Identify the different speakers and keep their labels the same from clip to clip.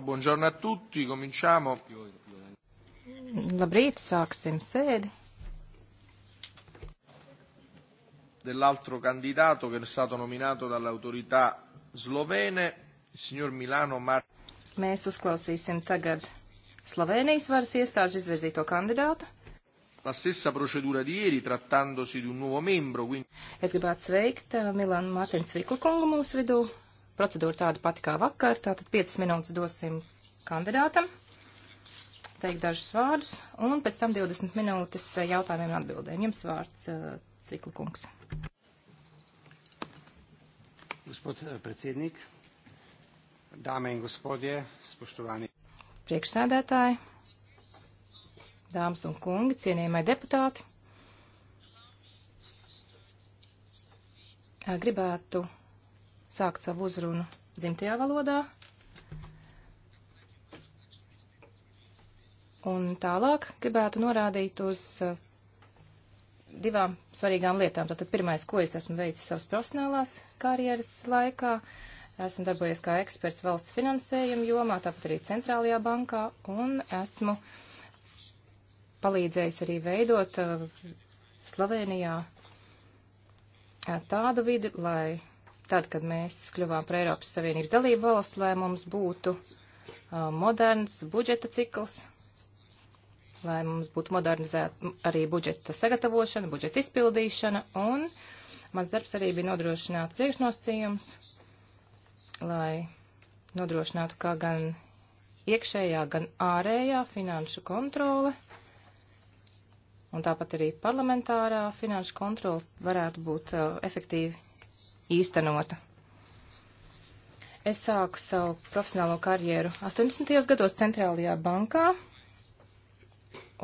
Speaker 1: Buongiorno a tutti, cominciamo.
Speaker 2: Labrīt, sāksim sēdi.
Speaker 1: Dell'altro candidato che è stato nominato dalle autorità slovene, il signor Milano Mar.
Speaker 2: Mēs uzklausīsim tagad Slovenijas varas iestāžu izvirzīto kandidātu.
Speaker 1: La stessa procedura di ieri, trattandosi di un nuovo
Speaker 2: membro. Quindi... Es gribētu sveikt eh, Milanu Mārtiņu Cviklu kungu mūsu vidū. Procedūra tāda pati kā vakar, tātad 5 minūtes dosim kandidātam, teikt dažus vārdus, un pēc tam 20 minūtes jautājumiem un atbildēm. Jums vārds uh, Cviklikungs.
Speaker 3: Gospod uh, predsednik, dāme un gospodie, spoštovani.
Speaker 2: Priekšsēdētāji, dāmas un kungi, cienījamie deputāti. gribētu sākt savu uzrunu dzimtajā valodā. Un tālāk gribētu norādīt uz uh, divām svarīgām lietām. Tātad pirmais, ko es esmu veicis savas profesionālās karjeras laikā, esmu darbojies kā eksperts valsts finansējuma jomā, tāpat arī centrālajā bankā, un esmu palīdzējis arī veidot uh, Slovenijā uh, tādu vidi, lai tad, kad mēs kļuvām par Eiropas Savienības dalību valsts, lai mums būtu uh, moderns budžeta cikls, lai mums būtu modernizēta arī budžeta sagatavošana, budžeta izpildīšana, un mans darbs arī bija nodrošināt priekšnosacījums, lai nodrošinātu kā gan iekšējā, gan ārējā finanšu kontrole, un tāpat arī parlamentārā finanšu kontrole varētu būt uh, efektīvi īstenota. Es sāku savu profesionālo karjeru 80. gados Centrālajā bankā,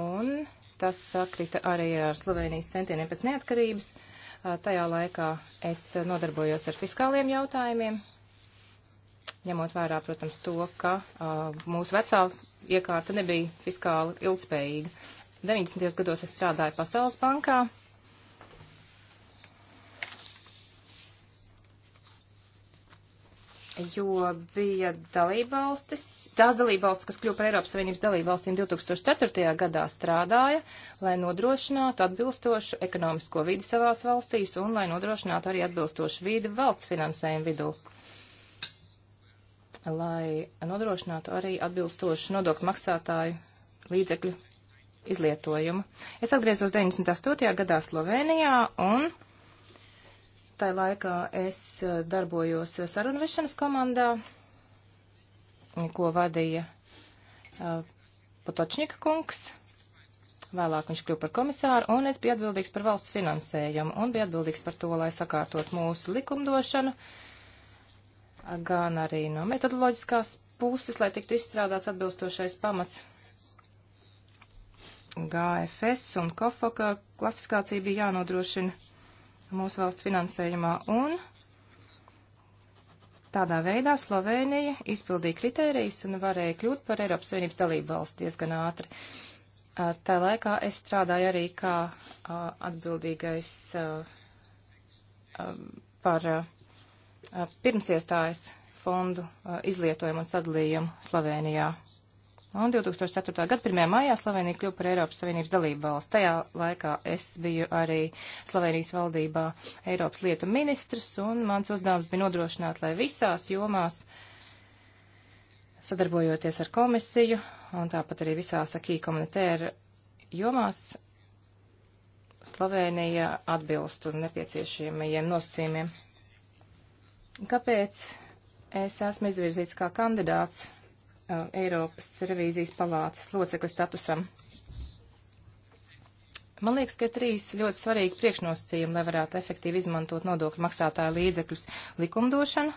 Speaker 2: un tas sakrita arī ar Slovenijas centieniem pēc neatkarības. Tajā laikā es nodarbojos ar fiskāliem jautājumiem, ņemot vērā, protams, to, ka uh, mūsu vecā iekārta nebija fiskāli ilgspējīga. 90. gados es strādāju Pasaules bankā, jo bija dalībvalstis, tās dalībvalstis, kas kļuva par Eiropas Savienības dalībvalstīm 2004. gadā strādāja, lai nodrošinātu atbilstošu ekonomisko vidi savās valstīs un lai nodrošinātu arī atbilstošu vidi valsts finansējumu vidū. Lai nodrošinātu arī atbilstošu nodokļu maksātāju līdzekļu izlietojumu. Es atgriezos 98. gadā Slovenijā un Tā laikā es eh, darbojos sarunvešanas komandā, ko vadīja uh, Potočņika kungs. Vēlāk viņš kļuva par komisāru, un es biju atbildīgs par valsts finansējumu, un biju atbildīgs par to, lai sakārtot mūsu likumdošanu, gan arī no metodoloģiskās puses, lai tiktu izstrādāts atbilstošais pamats. GFS un KOFOKA klasifikācija bija jānodrošina mūsu valsts finansējumā, un tādā veidā Slovēnija izpildīja kritērijas un varēja kļūt par Eiropas Savienības dalību valsts diezgan ātri. Tā laikā es strādāju arī kā atbildīgais par pirmsiestājas fondu izlietojumu un sadalījumu Slovēnijā. Un 2004. gada 1. maijā Slovenija kļuva par Eiropas Savienības dalību valsts. Tajā laikā es biju arī Slovenijas valdībā Eiropas lietu ministrs, un mans uzdevums bija nodrošināt, lai visās jomās, sadarbojoties ar komisiju, un tāpat arī visās akī komunitēra jomās, Slovenija atbilst un nepieciešamajiem nosacījumiem. Kāpēc es esmu izvirzīts kā kandidāts? Uh, Eiropas revīzijas palātas locekļa statusam. Man liekas, ka ir trīs ļoti svarīgi priekšnosacījumi, lai varētu efektīvi izmantot nodokļu maksātāju līdzekļus likumdošana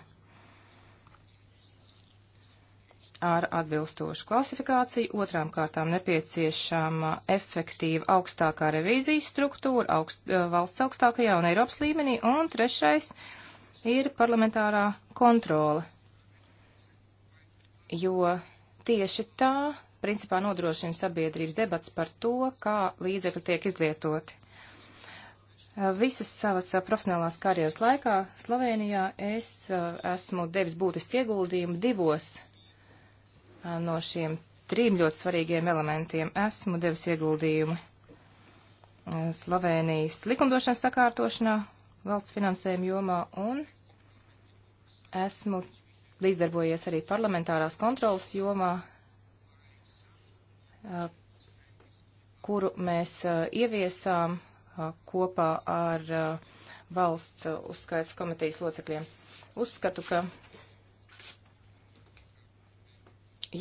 Speaker 2: ar atbilstošu klasifikāciju, otrām kārtām nepieciešama efektīva augstākā revīzijas struktūra augst, uh, valsts augstākajā un Eiropas līmenī, un trešais ir parlamentārā kontrole jo tieši tā principā nodrošina sabiedrības debats par to, kā līdzekļi tiek izlietoti. Visas savas profesionālās karjeras laikā Slovenijā es esmu devis būtiski ieguldījumu divos no šiem trim ļoti svarīgiem elementiem. Esmu devis ieguldījumu Slovenijas likumdošanas sakārtošanā, valsts finansējuma jomā un esmu līdzdarbojies arī parlamentārās kontrolas jomā, kuru mēs ieviesām kopā ar valsts uzskaits komitejas locekļiem. Uzskatu, ka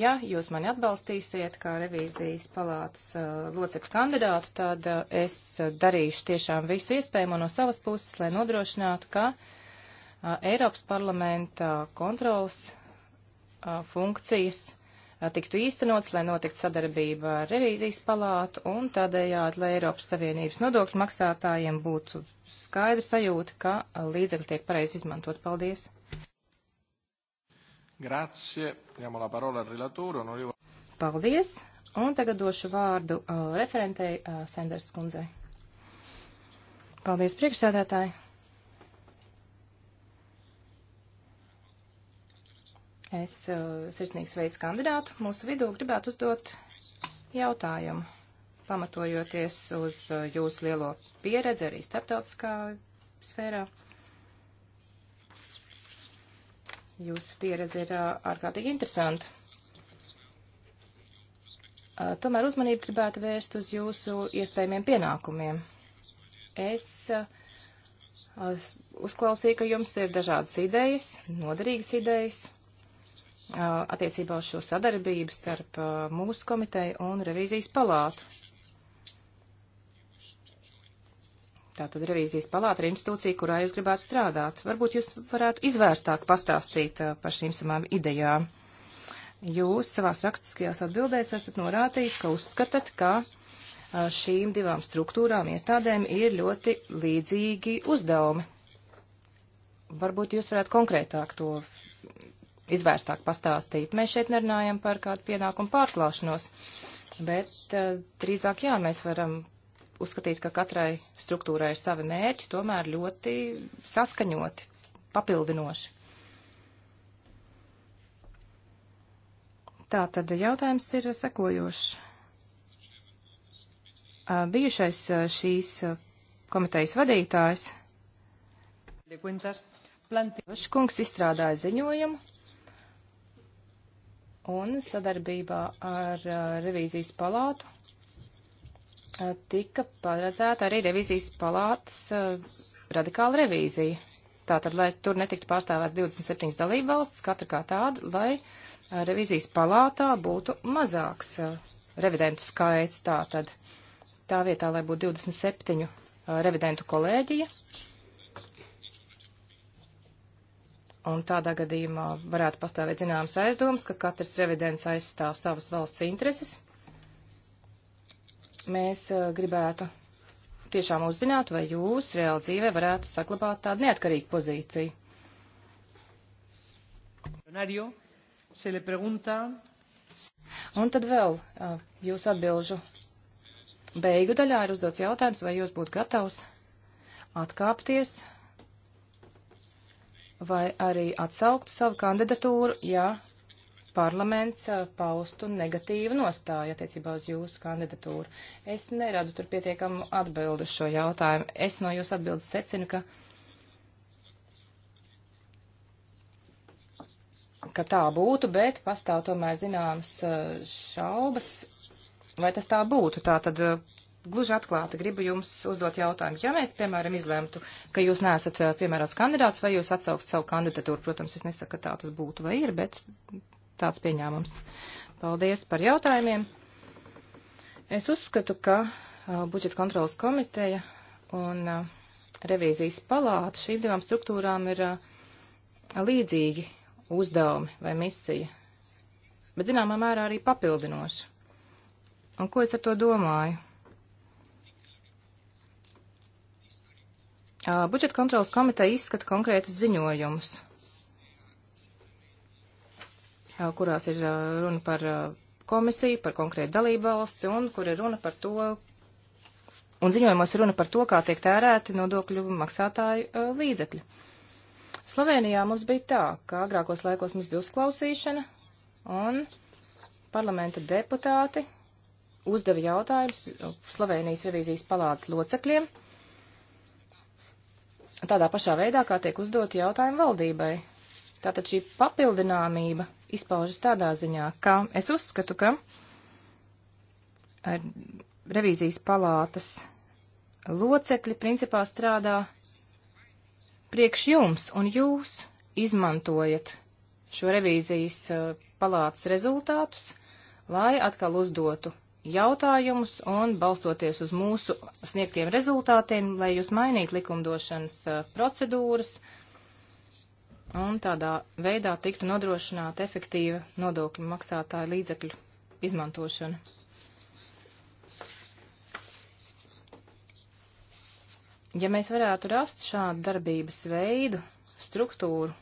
Speaker 2: ja jūs mani atbalstīsiet kā revīzijas palātas uh, locekļu kandidātu, tad uh, es darīšu tiešām visu iespējamo no savas puses, lai nodrošinātu, ka uh, Eiropas parlamenta kontrols funkcijas tiktu īstenots, lai notiktu sadarbība ar revīzijas palātu un tādējādi, lai Eiropas Savienības nodokļu maksātājiem būtu skaidra sajūta, ka līdzekļi tiek pareizi izmantot. Paldies!
Speaker 1: Grazie. Diamo la parola al relatore, onorevole.
Speaker 2: Paldies. Un tagad došu vārdu uh, referentei uh, Sanders kundzei. Paldies, priekšsēdētāji. Es uh, sirsnīgi sveicu kandidātu mūsu vidū, gribētu uzdot jautājumu, pamatojoties uz uh, jūsu lielo pieredzi arī starptautiskā sfērā. Jūsu pieredze ir uh, ārkārtīgi interesanta. Uh, tomēr uzmanību gribētu vērst uz jūsu iespējamiem pienākumiem. Es uh, uzklausīju, ka jums ir dažādas idejas, noderīgas idejas attiecībā uz šo sadarbību starp mūsu komiteju un revīzijas palātu. Tātad revīzijas palāta ir institūcija, kurā jūs gribētu strādāt. Varbūt jūs varētu izvērstāk pastāstīt par šīm samām idejām. Jūs savās rakstiskajās atbildēs esat norādījis, ka uzskatat, ka šīm divām struktūrām iestādēm ir ļoti līdzīgi uzdevumi. Varbūt jūs varētu konkrētāk to izvērstāk pastāstīt. Mēs šeit nerunājam par kādu pienākumu pārklāšanos, bet eh, drīzāk jā, mēs varam uzskatīt, ka katrai struktūrai ir savi mērķi, tomēr ļoti saskaņoti, papildinoši. Tā tad jautājums ir sekojošs. Eh, bijušais eh, šīs komitejas vadītājs Škungs izstrādāja ziņojumu un sadarbībā ar uh, revīzijas palātu uh, tika paredzēta arī revīzijas palātas uh, radikāla revīzija. Tātad, lai tur netiktu pārstāvēts 27 dalība valsts, katra kā tāda, lai revīzijas palātā būtu mazāks revidentu skaits. Tātad, tā vietā, lai būtu 27 revidentu kolēģija, Un tādā gadījumā varētu pastāvēt zināmas aizdomas, ka katrs revidents aizstāv savas valsts intereses. Mēs uh, gribētu tiešām uzzināt, vai jūs reāli dzīvē varētu saglabāt tādu neatkarīgu pozīciju. Un tad vēl uh, jūs atbilžu beigu daļā ir uzdots jautājums, vai jūs būtu gatavs atkāpties vai arī atsauktu savu kandidatūru, ja parlaments eh, paustu negatīvu nostāju attiecībā uz jūsu kandidatūru. Es neradu tur pietiekamu atbildu šo jautājumu. Es no jūsu atbildes secinu, ka, ka tā būtu, bet pastāv tomēr zināmas eh, šaubas, vai tas tā būtu. Tā tad eh, gluži atklāti gribu jums uzdot jautājumu. Ja mēs, piemēram, izlemtu, ka jūs neesat eh, piemērots kandidāts, vai jūs atsaukt savu kandidatūru, protams, es nesaku, ka tā tas būtu vai ir, bet tāds pieņēmums. Paldies par jautājumiem. Es uzskatu, ka uh, budžeta kontrolas komiteja un uh, revīzijas palāta šīm divām struktūrām ir uh, līdzīgi uzdevumi vai misija, bet zināmā mērā arī papildinoši. Un ko es ar to domāju? Budžeta kontrolas komiteja izskata konkrētus ziņojumus, kurās ir runa par komisiju, par konkrētu dalību valsti un kur ir runa par to, un ziņojumos ir runa par to, kā tiek tērēti nodokļu maksātāju līdzekļi. Slovenijā mums bija tā, ka agrākos laikos mums bija uzklausīšana un parlamenta deputāti uzdeva jautājumus Slovenijas revīzijas palātas locekļiem tādā pašā veidā, kā tiek uzdot jautājumi valdībai. Tātad šī papildināmība izpaužas tādā ziņā, ka es uzskatu, ka eh, revīzijas palātas locekļi principā strādā priekš jums, un jūs izmantojat šo revīzijas eh, palātas rezultātus, lai atkal uzdotu jautājumus un balstoties uz mūsu sniegtiem rezultātiem, lai jūs mainītu likumdošanas uh, procedūras un tādā veidā tiktu nodrošināta efektīva nodokļu maksātāju līdzekļu izmantošana. Ja mēs varētu rast šādu darbības veidu, struktūru,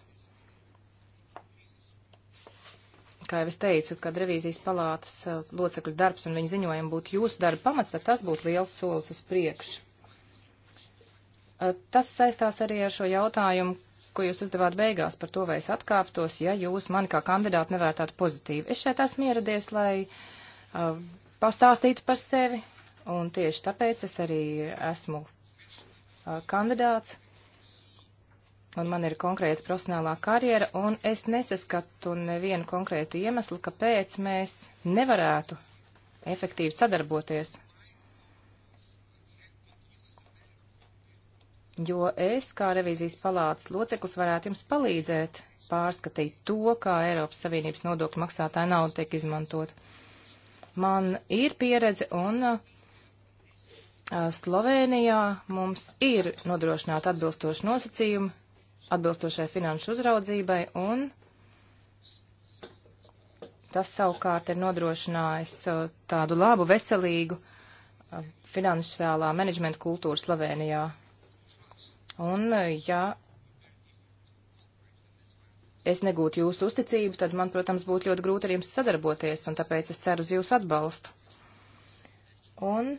Speaker 2: kā jau es teicu, kad revīzijas palātas uh, locekļu darbs un viņa ziņojumi būtu jūsu darba pamats, tad tas būtu liels solis uz priekšu. Uh, tas saistās arī ar šo jautājumu, ko jūs uzdevāt beigās par to, vai es atkāptos, ja jūs mani kā kandidātu nevērtātu pozitīvi. Es šeit esmu ieradies, lai uh, pastāstītu par sevi, un tieši tāpēc es arī esmu uh, kandidāts un man ir konkrēta profesionālā karjera, un es nesaskatu nevienu konkrētu iemeslu, kāpēc mēs nevarētu efektīvi sadarboties. Jo es, kā revīzijas palātas loceklis, varētu jums palīdzēt pārskatīt to, kā Eiropas Savienības nodokļu maksātāja nauda tiek izmantot. Man ir pieredze un uh, Slovenijā mums ir nodrošināta atbilstoša nosacījuma atbilstošai finanšu uzraudzībai, un tas savukārt ir nodrošinājis uh, tādu labu, veselīgu uh, finansiālā menedžmenta kultūru Slovenijā. Un, uh, ja es negūtu jūsu uzticību, tad man, protams, būtu ļoti grūti ar jums sadarboties, un tāpēc es ceru uz jūsu atbalstu. Un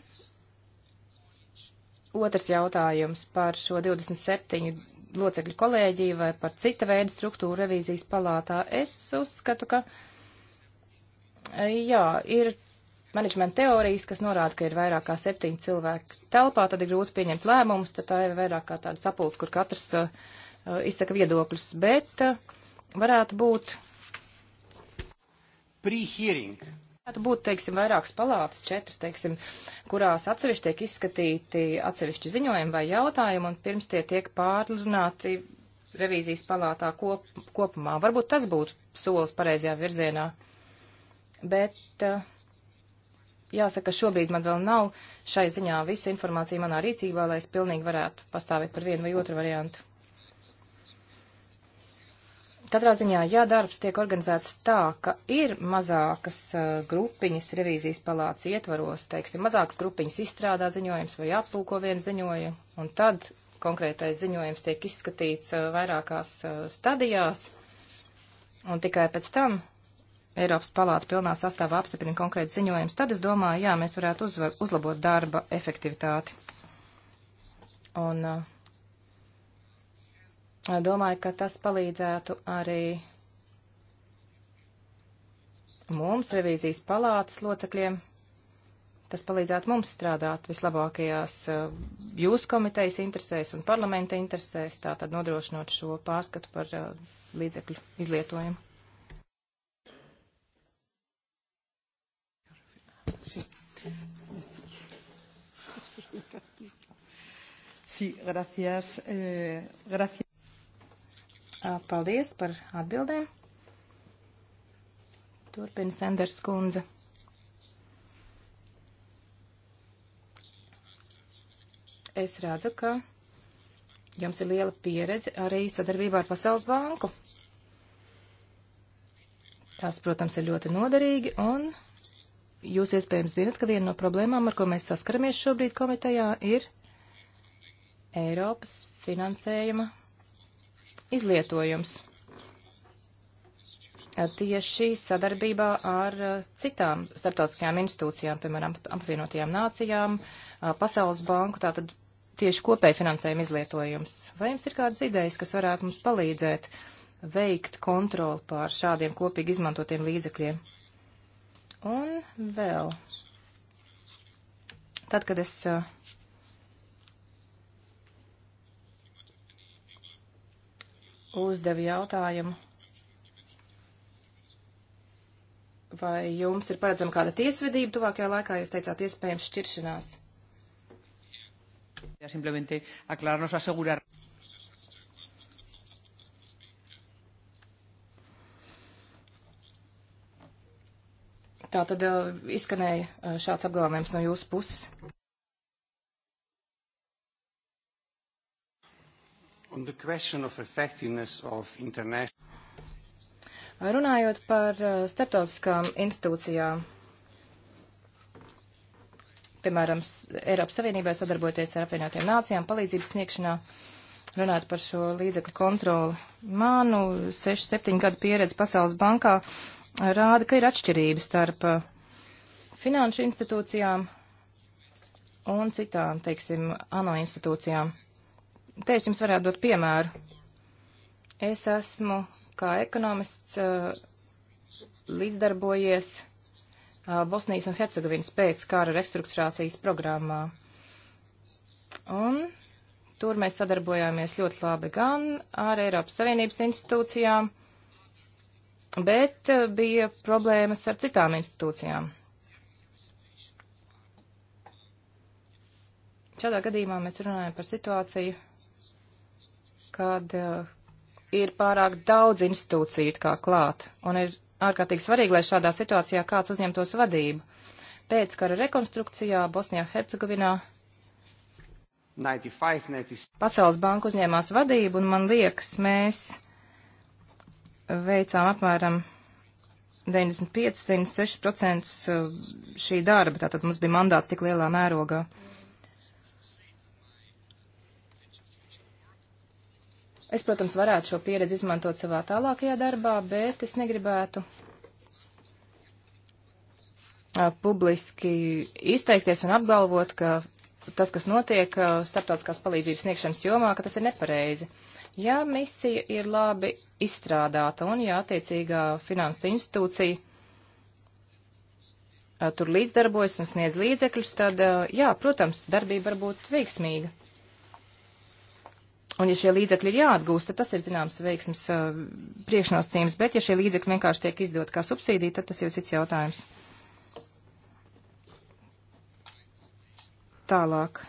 Speaker 2: otrs jautājums par šo 27 locekļu kolēģiju vai par cita veida struktūru revīzijas palātā. Es uzskatu, ka, jā, ir menedžmenta teorijas, kas norāda, ka ir vairāk kā septiņi cilvēki telpā, tad ir grūti pieņemt lēmumus, tad tā ir vairāk kā tāda sapulce, kur katrs uh, uh izsaka viedokļus, bet uh, varētu būt. Pre-hearing varētu būt, teiksim, vairākas palātas, četras, teiksim, kurās atsevišķi tiek izskatīti atsevišķi ziņojumi vai jautājumi, un pirms tie tiek pārlunāti revīzijas palātā kop, kopumā. Varbūt tas būtu solis pareizajā virzienā. Bet eh, jāsaka, šobrīd man vēl nav šai ziņā visa informācija manā rīcībā, lai es pilnīgi varētu pastāvēt par vienu vai otru variantu. Katrā ziņā, ja darbs tiek organizēts tā, ka ir mazākas uh, grupiņas revīzijas palāca ietvaros, teiksim, mazākas grupiņas izstrādā ziņojums vai aplūko vienu ziņojumu, un tad konkrētais ziņojums tiek izskatīts uh, vairākās uh, stadijās, un tikai pēc tam Eiropas palāta pilnā sastāvā apstiprina konkrēts ziņojums, tad es domāju, jā, mēs varētu uzvar, uzlabot darba efektivitāti. Un, uh, Domāju, ka tas palīdzētu arī mums, revīzijas palātas locekļiem, tas palīdzētu mums strādāt vislabākajās eh, jūsu komitejas interesēs un parlamenta interesēs, tātad nodrošinot šo pārskatu par eh, līdzekļu izlietojumu. Sí, gracias. Eh, gracias. Paldies par atbildēm. Turpina Sanders kundze. Es redzu, ka jums ir liela pieredze arī sadarbībā ar Pasaules banku. Tas, protams, ir ļoti noderīgi, un jūs iespējams zinat, ka viena no problēmām, ar ko mēs saskaramies šobrīd komitejā, ir Eiropas finansējuma izlietojums tieši sadarbībā ar citām starptautiskajām institūcijām, piemēram, apvienotajām nācijām, Pasaules banku, tātad tieši kopēja finansējuma izlietojums. Vai jums ir kādas idejas, kas varētu mums palīdzēt veikt kontroli pār šādiem kopīgi izmantotiem līdzekļiem? Un vēl. Tad, kad es uh, uzdeva jautājumu, vai jums ir paredzama kāda tiesvedība tuvākajā laikā, jūs teicāt, iespējams šķiršanās. Simplemente aclararnos, asegurar. Tā tad eh, izskanēja eh, šāds apgalvojums no jūsu puses.
Speaker 1: On the question of effectiveness of international...
Speaker 2: Runājot par uh, starptautiskām institūcijām, piemēram, Eiropas Savienībai sadarboties ar apvienotiem nācijām palīdzības sniegšanā, runāt par šo līdzekļu kontroli. Manu 6-7 gadu pieredze Pasaules bankā rāda, ka ir atšķirības starp uh, finanšu institūcijām un citām, teiksim, ANO institūcijām. Te es jums varētu dot piemēru. Es esmu kā ekonomists eh, līdzdarbojies eh, Bosnijas un Hercegovinas pēc kāra restruktūrācijas programmā. Un tur mēs sadarbojāmies ļoti labi gan ar Eiropas Savienības institūcijām, bet eh, bija problēmas ar citām institūcijām. Šādā gadījumā mēs runājam par situāciju kad uh, ir pārāk daudz institūciju kā klāt, un ir ārkārtīgi svarīgi, lai šādā situācijā kāds uzņemtos vadību. Pēc kara rekonstrukcijā Bosnijā Hercegovinā
Speaker 1: 95, 96.
Speaker 2: Pasaules banka uzņēmās vadību, un man liekas, mēs veicām apmēram 95-96% eh, šī darba, tātad mums bija mandāts tik lielā mērogā. Mm. Es, protams, varētu šo pieredzi izmantot savā tālākajā darbā, bet es negribētu publiski izteikties un apgalvot, ka tas, kas notiek starptautiskās palīdzības sniegšanas jomā, ka tas ir nepareizi. Ja misija ir labi izstrādāta un ja attiecīgā finansu institūcija tur līdzdarbojas un sniedz līdzekļus, tad, jā, protams, darbība var būt veiksmīga. Un ja šie līdzekļi ir jāatgūst, tad tas ir zināms veiksmes uh, priekšnosacījums, bet ja šie līdzekļi vienkārši tiek izdot kā subsīdija, tad tas jau ir cits jautājums. Tālāk.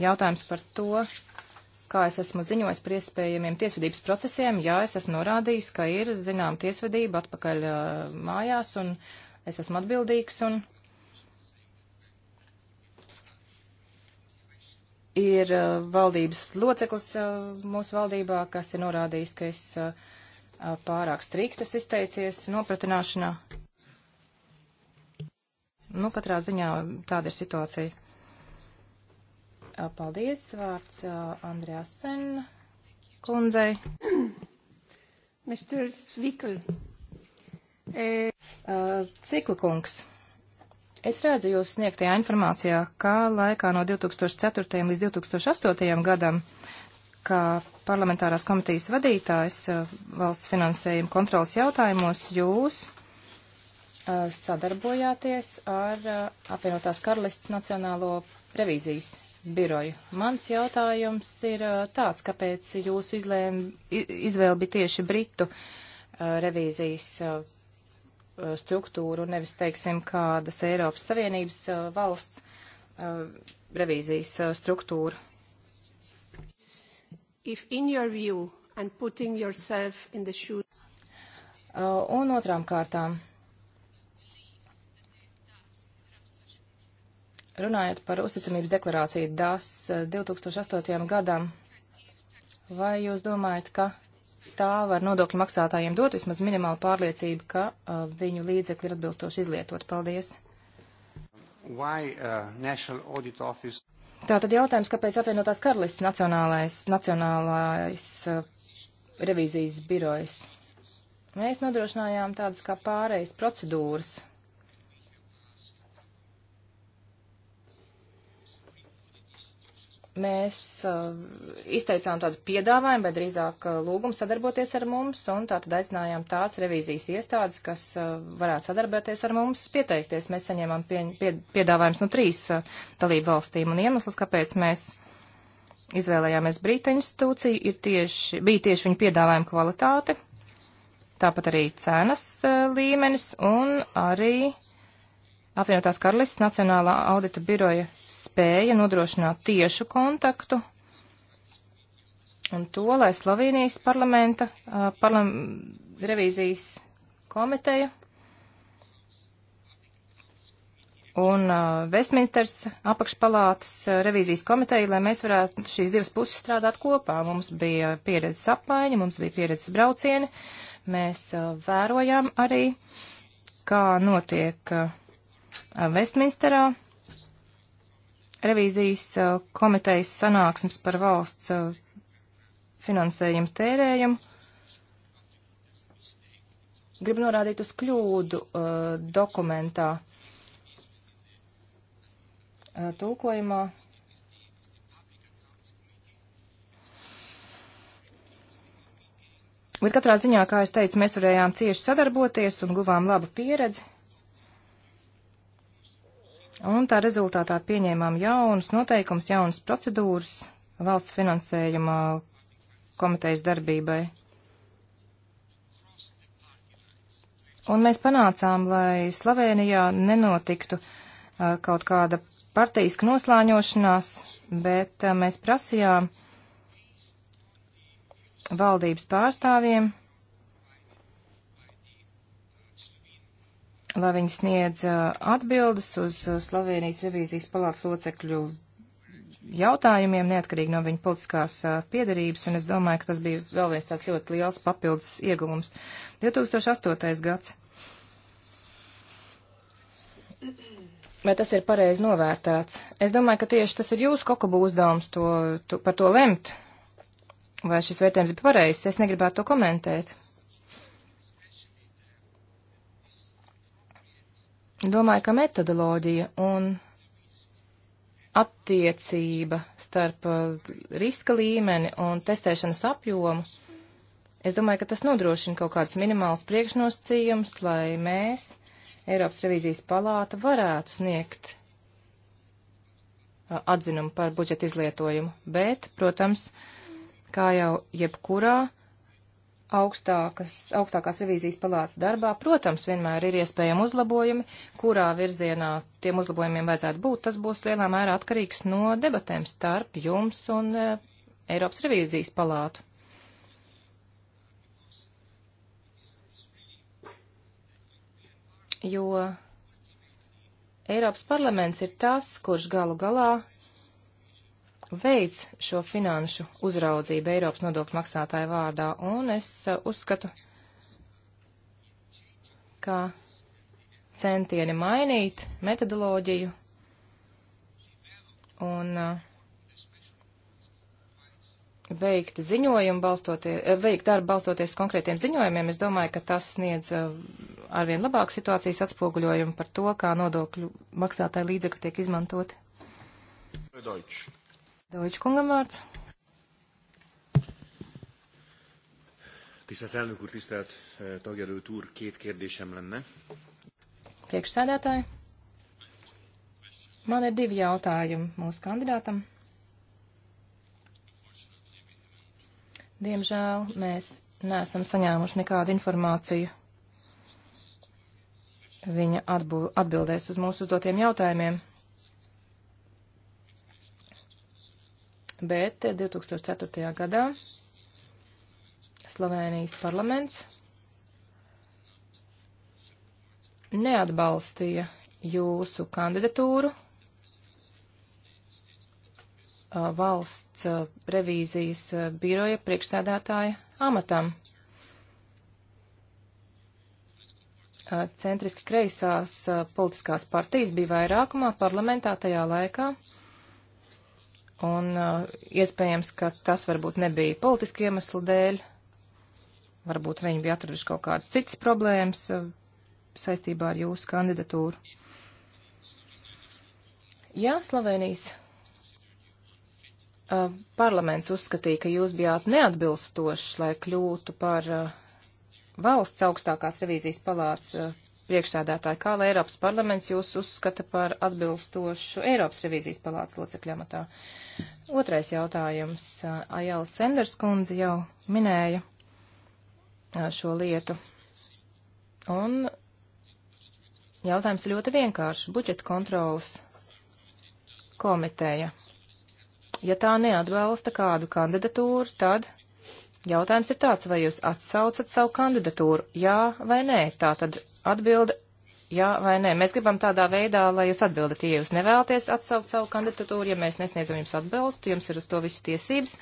Speaker 2: Jautājums par to, kā es esmu ziņojis par iespējamiem tiesvedības procesiem. Jā, es esmu norādījis, ka ir, zinām, tiesvedība atpakaļ uh, mājās, un es esmu atbildīgs, un uh, ir uh, valdības loceklis uh, mūsu valdībā, kas ir norādījis, ka es uh, pārāk striktas izteicies nopratināšanā. Nu, katrā ziņā tāda ir situācija. Paldies, vārds Andrēsen kundzei. Mr. Svikl. E... Ciklikungs. Es redzu jūs sniegtajā informācijā, kā laikā no 2004. līdz 2008. gadam, kā parlamentārās komitejas vadītājs eh, valsts finansējuma kontrolas jautājumos, jūs eh, sadarbojāties ar eh, apvienotās karalists Nacionālo revīzijas biroju. Mans jautājums ir tāds, kāpēc jūsu izlēma, izvēle bija tieši Britu revīzijas Uh, struktūru, nevis, teiksim, kādas Eiropas Savienības uh, valsts uh, revīzijas struktūra. Shoe... Un otrām kārtām, runājot par uzticamības deklarāciju DAS 2008. gadam, vai jūs domājat, ka tā var nodokļu maksātājiem dot vismaz minimālu pārliecību, ka uh, viņu līdzekļi ir atbilstoši izlietot. Paldies!
Speaker 1: Why, uh,
Speaker 2: Tātad jautājums, kāpēc apvienotās karalists nacionālais, nacionālais uh, revīzijas birojas? Mēs nodrošinājām tādas kā pārejas procedūras mēs uh, izteicām tādu piedāvājumu, bet drīzāk uh, lūgumu sadarboties ar mums, un tātad aicinājām tās revīzijas iestādes, kas uh, varētu sadarboties ar mums, pieteikties. Mēs saņēmām pie, pie, piedāvājums no trīs uh, dalību valstīm, un iemesls, kāpēc mēs izvēlējāmies Brīta institūciju, ir tieši, bija tieši viņa piedāvājuma kvalitāte, tāpat arī cenas uh, līmenis un arī apvienotās karalists Nacionālā audita biroja spēja nodrošināt tiešu kontaktu un to, lai Slovenijas parlamenta parlam, revīzijas komiteja un Vestminsters apakšpalātas revīzijas komiteja, lai mēs varētu šīs divas puses strādāt kopā. Mums bija pieredzes apmaiņa, mums bija pieredzes braucieni, mēs vērojām arī, kā notiek uh, Vestminsterā revīzijas uh, komitejas sanāksmes par valsts uh, finansējumu tērējumu. Gribu norādīt uz kļūdu uh, dokumentā. Uh, tulkojumā. Bet katrā ziņā, kā es teicu, mēs varējām cieši sadarboties un guvām labu pieredzi. Un tā rezultātā pieņēmām jaunas noteikums, jaunas procedūras valsts finansējuma komitejas darbībai. Un mēs panācām, lai Slovenijā nenotiktu uh, kaut kāda partijiska noslāņošanās, bet uh, mēs prasījām valdības pārstāvjiem lai viņi sniedz atbildes uz Slovenijas revīzijas palātas locekļu jautājumiem, neatkarīgi no viņa politiskās uh, piedarības, un es domāju, ka tas bija vēl viens tāds ļoti liels papildus ieguvums. 2008. gads. Vai tas ir pareizi novērtēts? Es domāju, ka tieši tas ir jūsu kokabu uzdevums to, to, par to lemt, vai šis vērtējums ir pareizs. Es negribētu to komentēt. Domāju, ka metodoloģija un attiecība starp uh, riska līmeni un testēšanas apjomu, es domāju, ka tas nodrošina kaut kādus minimālus priekšnosacījumus, lai mēs, Eiropas revīzijas palāta, varētu sniegt uh, atzinumu par budžeta izlietojumu. Bet, protams, kā jau jebkurā augstākas, augstākās revīzijas palātas darbā. Protams, vienmēr ir iespējami uzlabojumi, kurā virzienā tiem uzlabojumiem vajadzētu būt. Tas būs lielā mērā atkarīgs no debatēm starp jums un e, Eiropas revīzijas palātu. Jo Eiropas parlaments ir tas, kurš galu galā veids šo finanšu uzraudzību Eiropas nodokļu maksātāju vārdā, un es uh, uzskatu, ka centieni mainīt metodoloģiju un uh, veikt ziņojumu balstoties, eh, veikt darbu balstoties konkrētiem ziņojumiem, es domāju, ka tas sniedz uh, arvien labāku situācijas atspoguļojumu par to, kā nodokļu maksātāju līdzekļi tiek izmantoti. Deutsch. Deutsch kungam vārds.
Speaker 1: Tisztelt elnök úr, tisztelt eh, tagjelölt úr, két kérdésem
Speaker 3: lenne.
Speaker 2: Priekšsēdētāji, man ir divi jautājumi mūsu kandidātam. Diemžēl mēs neesam saņēmuši nekādu informāciju viņa atbildēs uz mūsu uzdotiem jautājumiem. bet 2004. Eh, gadā Slovenijas parlaments neatbalstīja jūsu kandidatūru
Speaker 3: eh,
Speaker 2: valsts eh, revīzijas biroja priekšsēdētāja amatam. Centriski kreisās politiskās partijas bija vairākumā parlamentā tajā laikā. Uh, Un uh, iespējams, ka tas varbūt nebija politiski iemeslu dēļ, varbūt viņi bija atraduši kaut kādas citas problēmas uh, saistībā ar jūsu kandidatūru. Jā, Slovenijas uh, parlaments uzskatīja, ka jūs bijāt neatbilstošs, lai kļūtu par uh, valsts augstākās revīzijas palātas uh, priekšsēdētāji, kā lai Eiropas parlaments jūs uzskata par atbilstošu Eiropas revīzijas palātas locekļamatā? Otrais jautājums. Ajala Senders kundze jau minēja šo lietu. Un jautājums ļoti vienkāršs. Budžeta kontrolas komiteja. Ja tā neatbalsta kādu kandidatūru, tad Jautājums ir tāds, vai jūs atsaucat savu kandidatūru, jā vai nē? Tā tad atbilde, jā vai nē. Mēs gribam tādā veidā, lai jūs atbildat, ja jūs nevēlaties atsaukt savu kandidatūru, ja mēs nesniedzam jums atbalstu, jums ir uz to visas tiesības,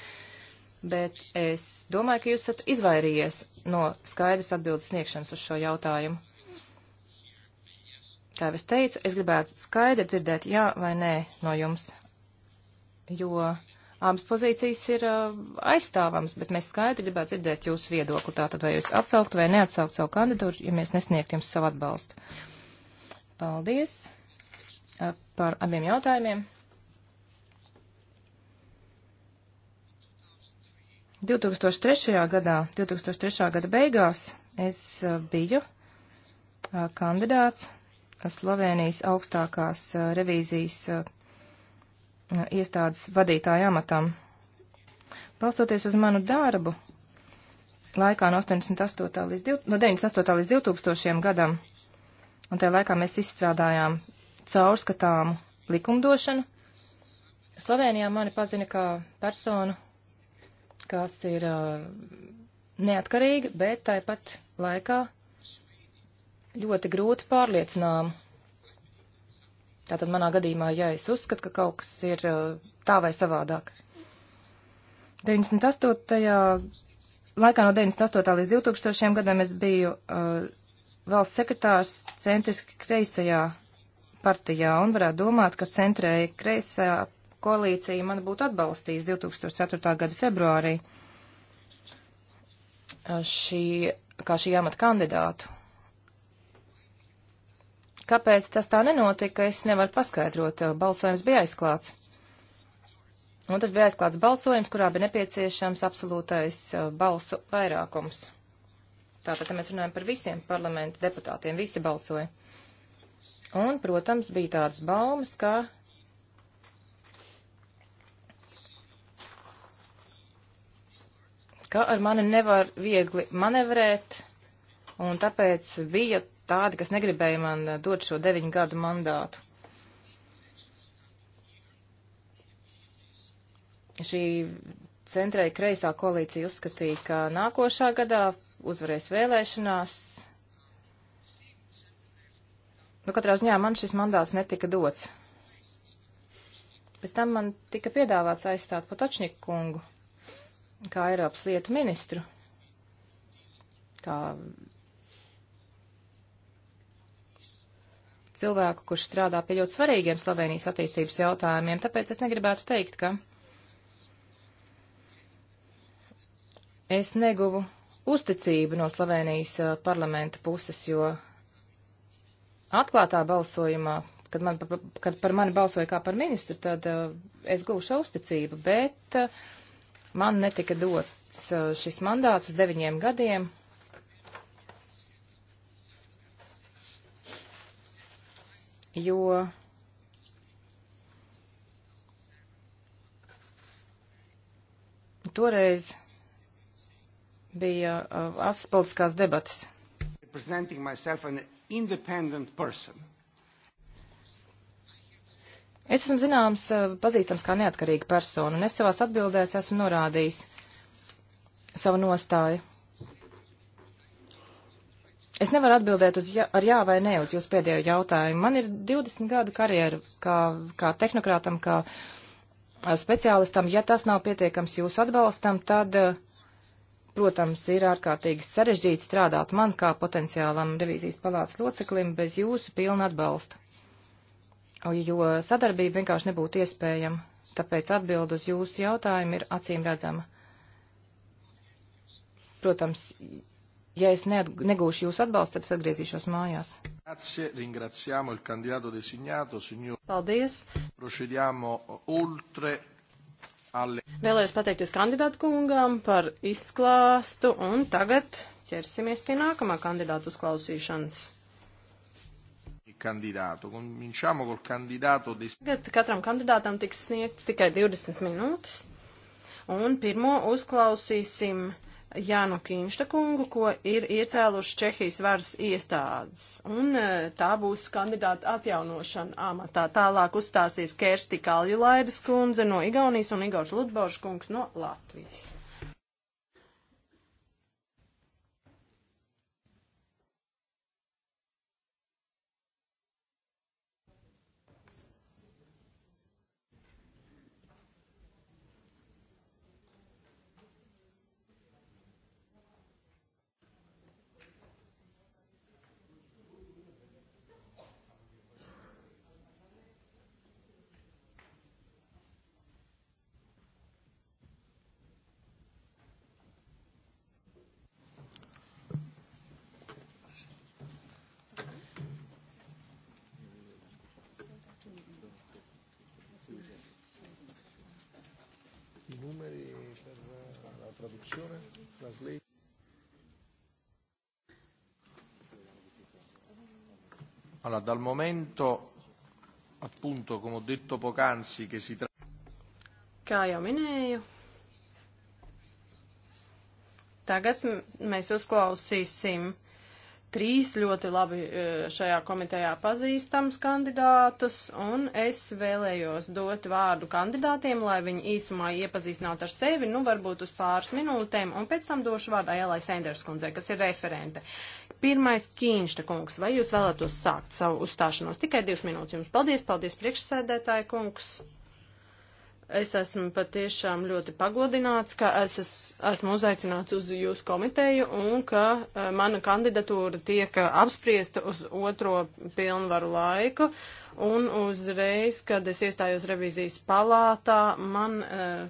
Speaker 2: bet es domāju, ka jūs esat izvairījies no skaidras atbildes sniegšanas uz šo jautājumu. Kā jau es teicu, es gribētu skaidri dzirdēt jā vai nē no jums, jo abas pozīcijas ir uh, aizstāvams, bet mēs skaidri gribētu dzirdēt jūsu viedokli. Tātad, vai jūs atsaukt vai neatsaukt savu kandidatūru, ja mēs nesniegt jums savu atbalstu. Paldies uh, par abiem jautājumiem. 2003. gadā, 2003. gada beigās es uh, biju uh, kandidāts Slovenijas augstākās uh, revīzijas uh, iestādes vadītāja amatam. Balstoties uz manu darbu, laikā no, 88. Līdz, no 98. līdz 2000. gadam, un tajā laikā mēs izstrādājām caurskatāmu likumdošanu, Slovenijā mani pazina kā personu, kas ir uh, neatkarīga, bet tāpat laikā ļoti grūti pārliecināma Tātad manā gadījumā, ja es uzskatu, ka kaut kas ir uh, tā vai savādāk. 98. laikā no 98. līdz 2000. gadam es biju uh, valsts sekretārs centriski kreisajā partijā un varētu domāt, ka centrēja kreisajā koalīcija man būtu atbalstījis 2004. gada februārī uh, šī, kā šī amata kandidātu. Kāpēc tas tā nenotika, es nevaru paskaidrot, jo balsojums bija aizklāts. Un tas bija aizklāts balsojums, kurā bija nepieciešams absolūtais uh, balsu vairākums. Tātad, ja mēs runājam par visiem parlamenta deputātiem, visi balsoja. Un, protams, bija tādas baumas, ka ka ar mani nevar viegli manevrēt, un tāpēc bija tādi, kas negribēja man eh, dot šo deviņu gadu mandātu. Šī centrēja kreisā koalīcija uzskatīja, ka nākošā gadā uzvarēs vēlēšanās. Nu, katrā ziņā man šis mandāts netika dots. Pēc tam man tika piedāvāts aizstāt Potočniku kungu kā Eiropas lietu ministru, kā cilvēku, kurš strādā pie ļoti svarīgiem Slovenijas attīstības jautājumiem, tāpēc es negribētu teikt, ka es neguvu uzticību no Slovenijas uh, parlamenta puses, jo atklātā balsojumā, kad, man, kad par mani balsoja kā par ministru, tad uh, es guvu šo uzticību, bet uh, man netika dots šis mandāts uz deviņiem gadiem, jo toreiz bija uh, atspolitiskās debatas. Es esmu zināms, uh, pazīstams kā neatkarīga persona, un es savās atbildēs esmu norādījis savu nostāju. Es nevaru atbildēt uz jā, ar jā vai nē uz jūsu pēdējo jautājumu. Man ir 20 gadu karjeru kā, kā tehnokrātam, kā speciālistam. Ja tas nav pietiekams jūsu atbalstam, tad, protams, ir ārkārtīgi sarežģīti strādāt man kā potenciālam revīzijas palātas loceklim bez jūsu pilna atbalsta. Jo sadarbība vienkārši nebūtu iespējama. Tāpēc atbild uz jūsu jautājumu ir acīm redzama. Protams, ja es negūšu jūsu atbalstu, tad es atgriezīšos mājās.
Speaker 1: Grazie, ringraziamo il candidato designato, signor. Paldies. Procediamo oltre alle.
Speaker 3: Vēlējos pateikties kandidātu kungam par izklāstu un tagad ķersimies pie nākamā kandidātu uzklausīšanas.
Speaker 1: Kandidātu. Cominciamo col candidato designato.
Speaker 3: Tagad katram kandidātam tiks sniegts tikai 20 minūtes. Un pirmo uzklausīsim Jānu Kīmšta kungu, ko ir iecēluši Čehijas varas iestādes. Un e, tā būs kandidāta atjaunošana amatā. Tālāk uzstāsies Kersti Kaljulaidas kundze no Igaunijas un Igaušs Ludbaušs kungs no Latvijas.
Speaker 1: traduzione, translate. Allora, dal momento, appunto, come ho detto poc'anzi, che si tratta...
Speaker 3: Kā jau minēju, tagad mēs uzklausīsim trīs ļoti labi e, šajā komitejā pazīstams kandidātus, un es vēlējos dot vārdu kandidātiem, lai viņi īsumā iepazīstinātu ar sevi, nu varbūt uz pāris minūtēm, un pēc tam došu vārdu Ailai Sanders kundzei, kas ir referente. Pirmais Kīņšta kungs, vai jūs vēlētos sākt savu uzstāšanos? Tikai divas minūtes jums. Paldies, paldies priekšsēdētāji kungs. Es esmu patiešām ļoti pagodināts, ka es es, esmu uzaicināts uz jūsu komiteju un ka uh, mana kandidatūra tiek apspriesta uz otro pilnvaru laiku. Un uzreiz, kad es iestājos revizijas palātā, man, uh,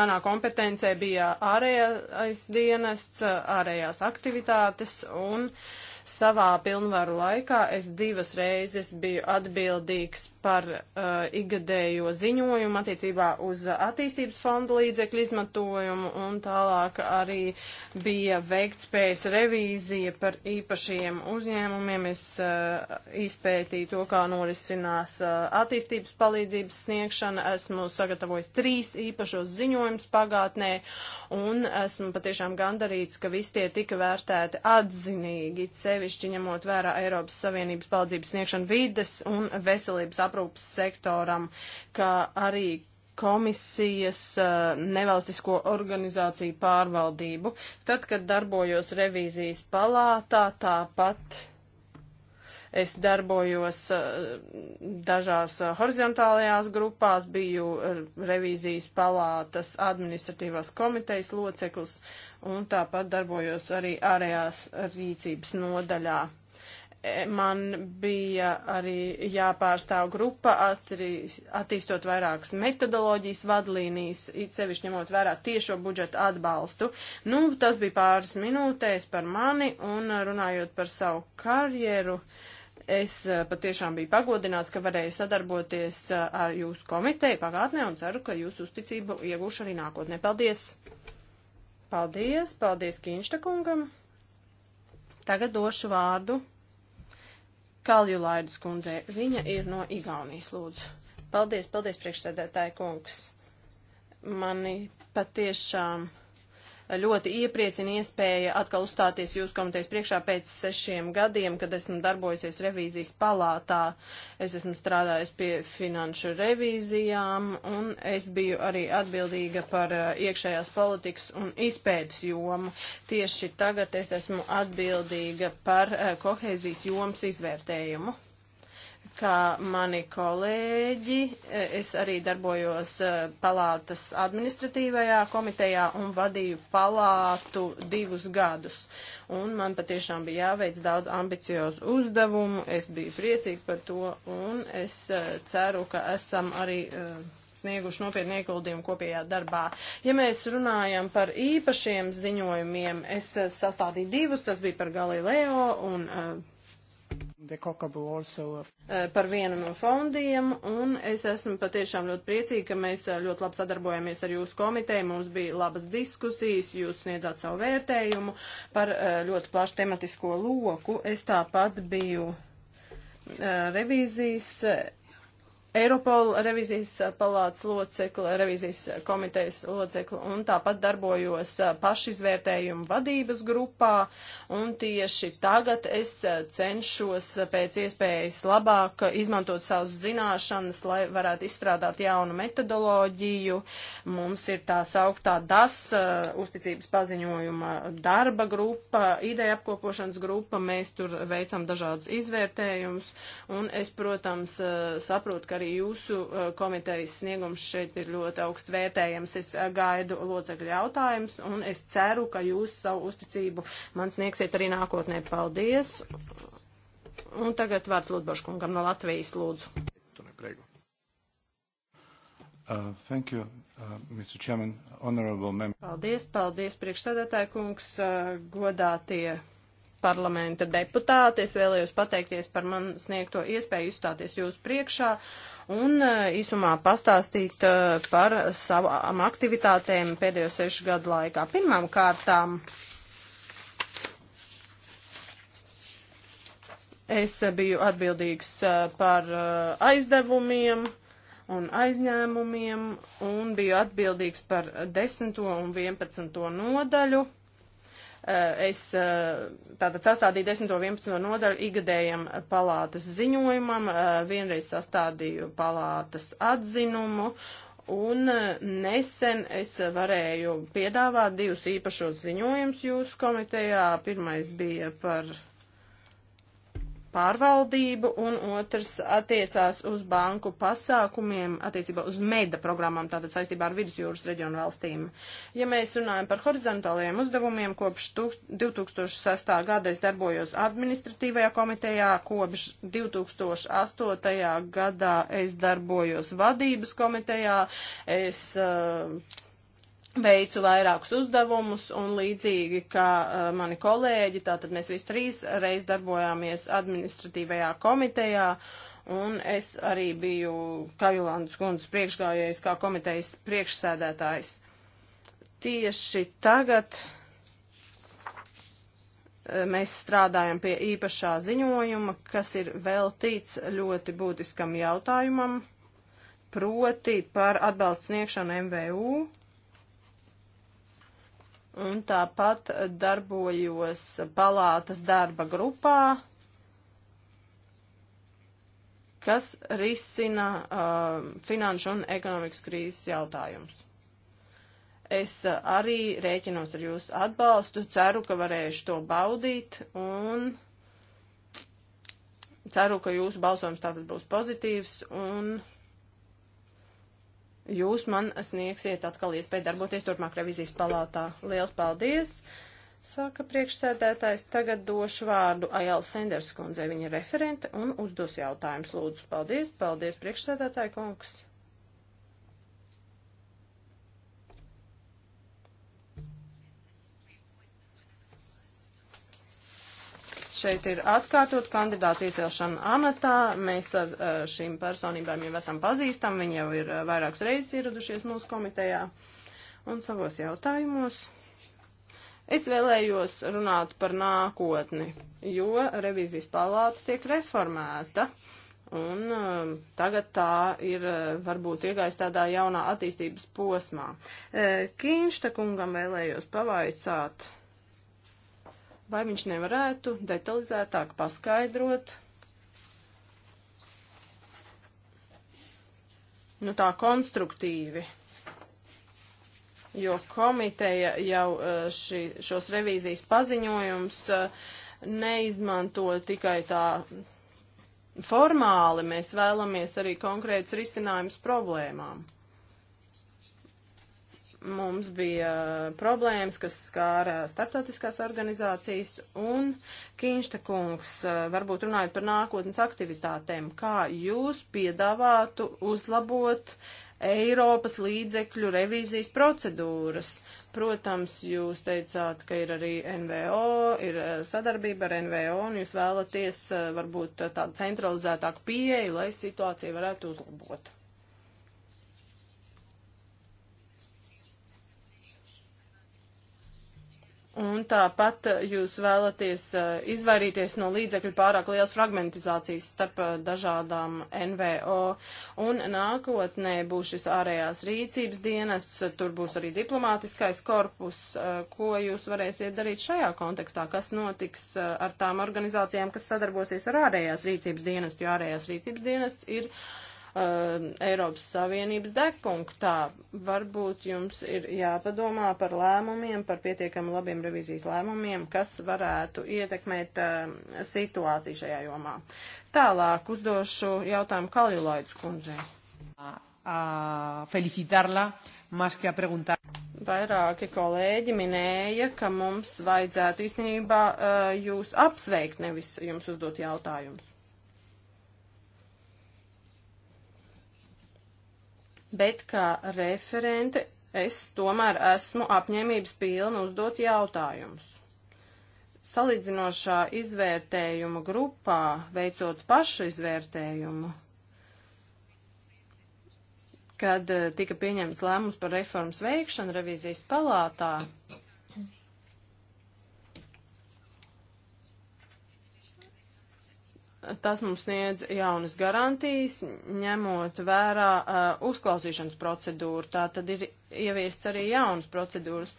Speaker 3: manā kompetencē bija ārējais dienests, ārējās aktivitātes un uh, Savā pilnvaru laikā es divas reizes biju atbildīgs par uh, igadējo ziņojumu attiecībā uz attīstības fonda līdzekļu izmantojumu un tālāk arī bija veiktspējas revīzija par īpašiem uzņēmumiem. Es uh, izpētīju to, kā norisinās uh, attīstības palīdzības sniegšana. Esmu sagatavojis trīs īpašos ziņojumus pagātnē un esmu patiešām gandarīts, ka visi tie tika vērtēti atzinīgi. C sevišķi ņemot vērā Eiropas Savienības palīdzības sniegšanu vides un veselības aprūpas sektoram, kā arī komisijas eh, nevalstisko organizāciju pārvaldību. Tad, kad darbojos revīzijas palātā, tāpat es darbojos eh, dažās eh, horizontālajās grupās, biju revīzijas palātas administratīvās komitejas loceklis un tāpat darbojos arī ārējās rīcības nodaļā. E, man bija arī jāpārstāv grupa, atri, attīstot vairākas metodoloģijas vadlīnijas, it sevišķi ņemot vērā tiešo budžeta atbalstu. Nu, tas bija pāris minūtēs par mani un runājot par savu karjeru. Es e, patiešām biju pagodināts, ka varēju sadarboties e, ar jūsu komiteju pagātnē un ceru, ka jūsu uzticību iegūšu arī nākotnē. Paldies! Paldies, paldies Kīnštakungam. Tagad došu vārdu Kaljulaidus kundzei. Viņa ir no Igaunijas lūdzu. Paldies, paldies priekšsēdētāji kungs. Mani patiešām. Uh, ļoti iepriecina iespēja atkal uzstāties jūsu komitejas priekšā pēc sešiem gadiem, kad esmu darbojusies revīzijas palātā. Es esmu strādājusi pie finanšu revīzijām un es biju arī atbildīga par uh, iekšējās politikas un izpētes jomu. Tieši tagad es esmu atbildīga par uh, kohēzijas jomas izvērtējumu kā mani kolēģi, e, es arī darbojos e, palātas administratīvajā komitejā un vadīju palātu divus gadus. Un man patiešām bija jāveic daudz ambiciozu uzdevumu, es biju priecīgi par to un es e, ceru, ka esam arī snieguši nopietnu ieguldījumu kopējā darbā. Ja mēs runājam par īpašiem ziņojumiem, es sastādīju divus, tas bija par Galileo un uh, Uh, eh, par vienu no fondiem, un es esmu patiešām ļoti priecīga, ka mēs eh, ļoti labi sadarbojamies ar jūsu komiteju, mums bija labas diskusijas, jūs sniedzāt savu vērtējumu par eh, ļoti plašu tematisko loku. Es tāpat biju revīzijas Eiropola revizijas palātas locekli, revizijas komitejas locekli un tāpat darbojos uh, pašizvērtējumu vadības grupā un tieši tagad es uh, cenšos uh, pēc iespējas labāk izmantot savus zināšanas, lai varētu izstrādāt jaunu metodoloģiju. Mums ir tā sauktā DAS uzticības paziņojuma darba grupa, ideja apkopošanas grupa, mēs tur veicam dažādas izvērtējumus un es, protams, saprotu, ka arī arī jūsu uh, komitejas sniegums šeit ir ļoti augst vērtējams. Es uh, gaidu locekļu jautājumus un es ceru, ka jūs savu uzticību man sniegsiet arī nākotnē. Paldies! Un tagad vārds Ludboškungam no Latvijas lūdzu.
Speaker 2: Uh, thank you, uh, Mr. Chairman, honorable member.
Speaker 3: Paldies, paldies, priekšsēdētāji kungs, uh, godātie parlamenta deputāti. Es vēlējos pateikties par man sniegto iespēju izstāties jūsu priekšā un īsumā pastāstīt par savām aktivitātēm pēdējo sešu gadu laikā. Pirmām kārtām es biju atbildīgs par aizdevumiem un aizņēmumiem un biju atbildīgs par 10. un 11. nodaļu. Eh, es eh, tātad sastādīju 10. un 11. nodaļu igadējam palātas ziņojumam, eh, vienreiz sastādīju palātas atzinumu, un nesen es varēju piedāvāt divus īpašos ziņojumus jūsu komitejā. Pirmais bija par pārvaldību, un otrs attiecās uz banku pasākumiem attiecībā uz meida programmām, tātad saistībā ar vidusjūras reģionu valstīm. Ja mēs runājam par horizontālajiem uzdevumiem, kopš 2006. gada es darbojos administratīvajā komitejā, kopš 2008. gadā es darbojos vadības komitejā, es uh, veicu vairākus uzdevumus un līdzīgi kā uh, mani kolēģi, tātad mēs visi trīs reiz darbojāmies administratīvajā komitejā un es arī biju Kajulandas kundzes priekšgājējs kā komitejas priekšsēdētājs. Tieši tagad mēs strādājam pie īpašā ziņojuma, kas ir veltīts ļoti būtiskam jautājumam, proti par atbalstu sniegšanu MVU un tāpat darbojos palātas darba grupā, kas risina uh, finanšu un ekonomikas krīzes jautājumus. Es uh, arī rēķinos ar jūsu atbalstu, ceru, ka varēšu to baudīt un ceru, ka jūsu balsojums tātad būs pozitīvs un jūs man sniegsiet atkal iespēju darboties turpmāk revizijas palātā. Liels paldies! Saka priekšsēdētājs, tagad došu vārdu Ajāla Senders kundzei, viņa referente, un uzdos jautājumus, lūdzu. Paldies, paldies, priekšsēdētāji kungs! Šeit ir atkārtot kandidātu iecelšana amatā. Mēs ar šīm personībām jau esam pazīstami, viņi jau ir vairākas reizes ieradušies mūsu komitejā un savos jautājumos. Es vēlējos runāt par nākotni, jo revizijas palāta tiek reformēta. Un um, tagad tā ir varbūt iegājis tādā jaunā attīstības posmā. E, Kīnšta kungam vēlējos pavaicāt, Vai viņš nevarētu detalizētāk paskaidrot, nu tā konstruktīvi, jo komiteja jau e, ši, šos revīzijas paziņojums e, neizmanto tikai tā formāli, mēs vēlamies arī konkrēts risinājums problēmām mums bija problēmas, kas skāra starptautiskās organizācijas, un Kīnšta kungs, eh, varbūt runājot par nākotnes aktivitātēm, kā jūs piedāvātu uzlabot Eiropas līdzekļu revīzijas procedūras. Protams, jūs teicāt, ka ir arī NVO, ir eh, sadarbība ar NVO, un jūs vēlaties eh, varbūt tādu centralizētāku pieeju, lai situācija varētu uzlabot. Un tāpat eh, jūs vēlaties eh, izvairīties no līdzekļu pārāk lielas fragmentizācijas starp eh, dažādām NVO. Un nākotnē būs šis ārējās rīcības dienests, tur būs arī diplomātiskais korpus. Ko jūs varēsiet darīt šajā kontekstā? Kas notiks ar tām organizācijām, kas sadarbosies ar ārējās rīcības dienestu? Jo ārējās rīcības dienests ir. Uh, uh, Eiropas Savienības degpunktā. Varbūt jums ir jāpadomā par lēmumiem, par pietiekami labiem revizijas lēmumiem, kas varētu ietekmēt uh, situāciju šajā jomā. Tālāk uzdošu jautājumu Kaljulaidus kundzei. Felicitarla, más que a preguntar. Vairāki kolēģi minēja, ka mums vajadzētu īstenībā uh, jūs apsveikt, nevis jums uzdot jautājumus. bet kā referente es tomēr esmu apņēmības pilna uzdot jautājumus. Salīdzinošā izvērtējuma grupā, veicot pašu izvērtējumu, kad eh, tika pieņemts lēmums par reformas veikšanu revīzijas palātā, Tas mums sniedz jaunas garantijas, ņemot vērā uh, uzklausīšanas procedūru. Tā tad ir ieviests arī jaunas procedūras.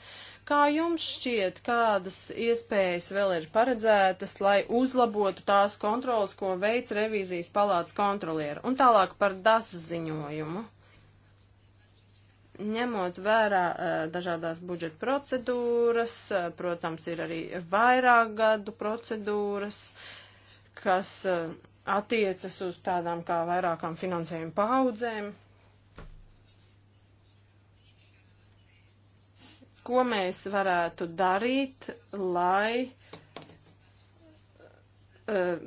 Speaker 3: Kā jums šķiet, kādas iespējas vēl ir paredzētas, lai uzlabotu tās kontrolas, ko veic revīzijas palātas kontrolieri? Un tālāk par DAS ziņojumu ņemot vērā uh, dažādās budžeta procedūras, uh, protams, ir arī vairāk gadu procedūras, kas eh, attiecas uz tādām kā vairākām finansējuma paudzēm. Ko mēs varētu darīt, lai uh,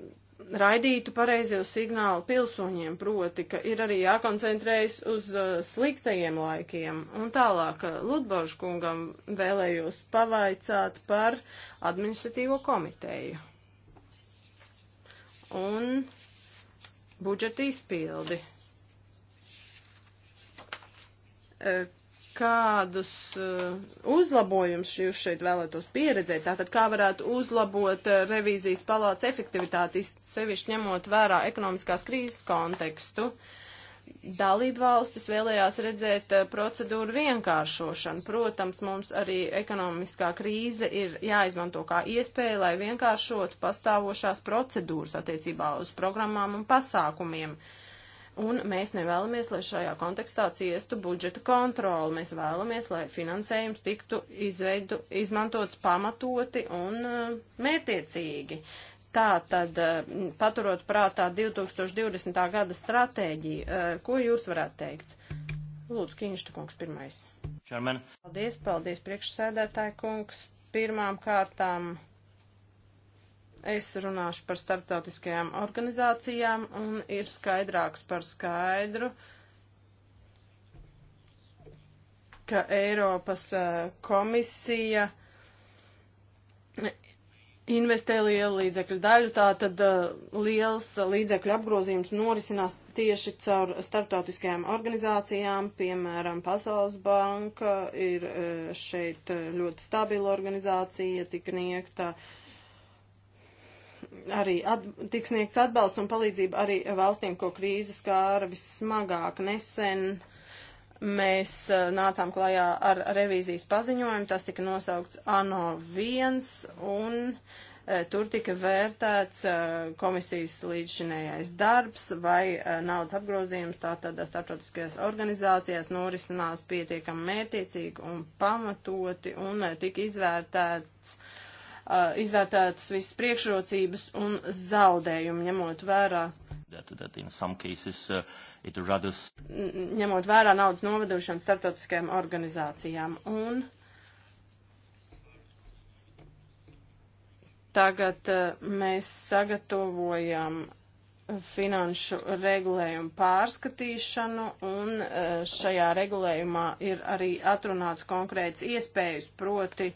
Speaker 3: raidītu pareizo signālu pilsoņiem, proti, ka ir arī jākoncentrējas uz uh, sliktajiem laikiem. Un tālāk Ludbožkungam vēlējos pavaicāt par administratīvo komiteju un budžeta izpildi. E, kādus e, uzlabojumus jūs šeit vēlētos pieredzēt? Tātad, kā varētu uzlabot e, revīzijas palāca efektivitāti, sevišķi ņemot vērā ekonomiskās krīzes kontekstu? Uh, dalību valstis vēlējās redzēt eh, procedūru vienkāršošanu. Protams, mums arī ekonomiskā krīze ir jāizmanto kā iespēja, lai vienkāršotu pastāvošās procedūras attiecībā uz programmām un pasākumiem. Un mēs nevēlamies, lai šajā kontekstā ciestu budžeta kontroli. Mēs vēlamies, lai finansējums tiktu izveidu, izmantots pamatoti un eh, mērtiecīgi. Tā tad, eh, paturot prātā 2020. gada stratēģiju, eh, ko jūs varētu teikt? Lūdzu, Kīņšta kungs pirmais. Čermen. Paldies, paldies, priekšsēdētāji kungs. Pirmām kārtām es runāšu par starptautiskajām organizācijām un ir skaidrāks par skaidru. ka Eiropas eh, komisija investē lielu līdzekļu daļu, tā tad uh, liels līdzekļu apgrozījums norisinās tieši caur starptautiskajām organizācijām, piemēram, Pasaules banka ir uh, šeit uh, ļoti stabila organizācija, tik niegta arī at, tiks sniegts atbalsts un palīdzība arī valstīm, ko krīze skāra vissmagāk nesen. Uh, mēs eh, nācām klajā ar revīzijas paziņojumu, tas tika nosaukts ANO 1 un eh, tur tika vērtēts eh, komisijas līdzšinējais darbs vai naudas apgrozījums tātad starptautiskajās organizācijās norisinās pietiekami mērtiecīgi un pamatoti un tika izvērtēts izvērtētas visas priekšrocības un zaudējumi, ņemot vērā.
Speaker 2: That, that in some cases, uh, radas...
Speaker 3: ņemot vērā naudas novadošanu starptautiskajām organizācijām. Un tagad eh, mēs sagatavojam finanšu regulējumu pārskatīšanu, un eh, šajā regulējumā ir arī atrunāts konkrēts iespējas, proti,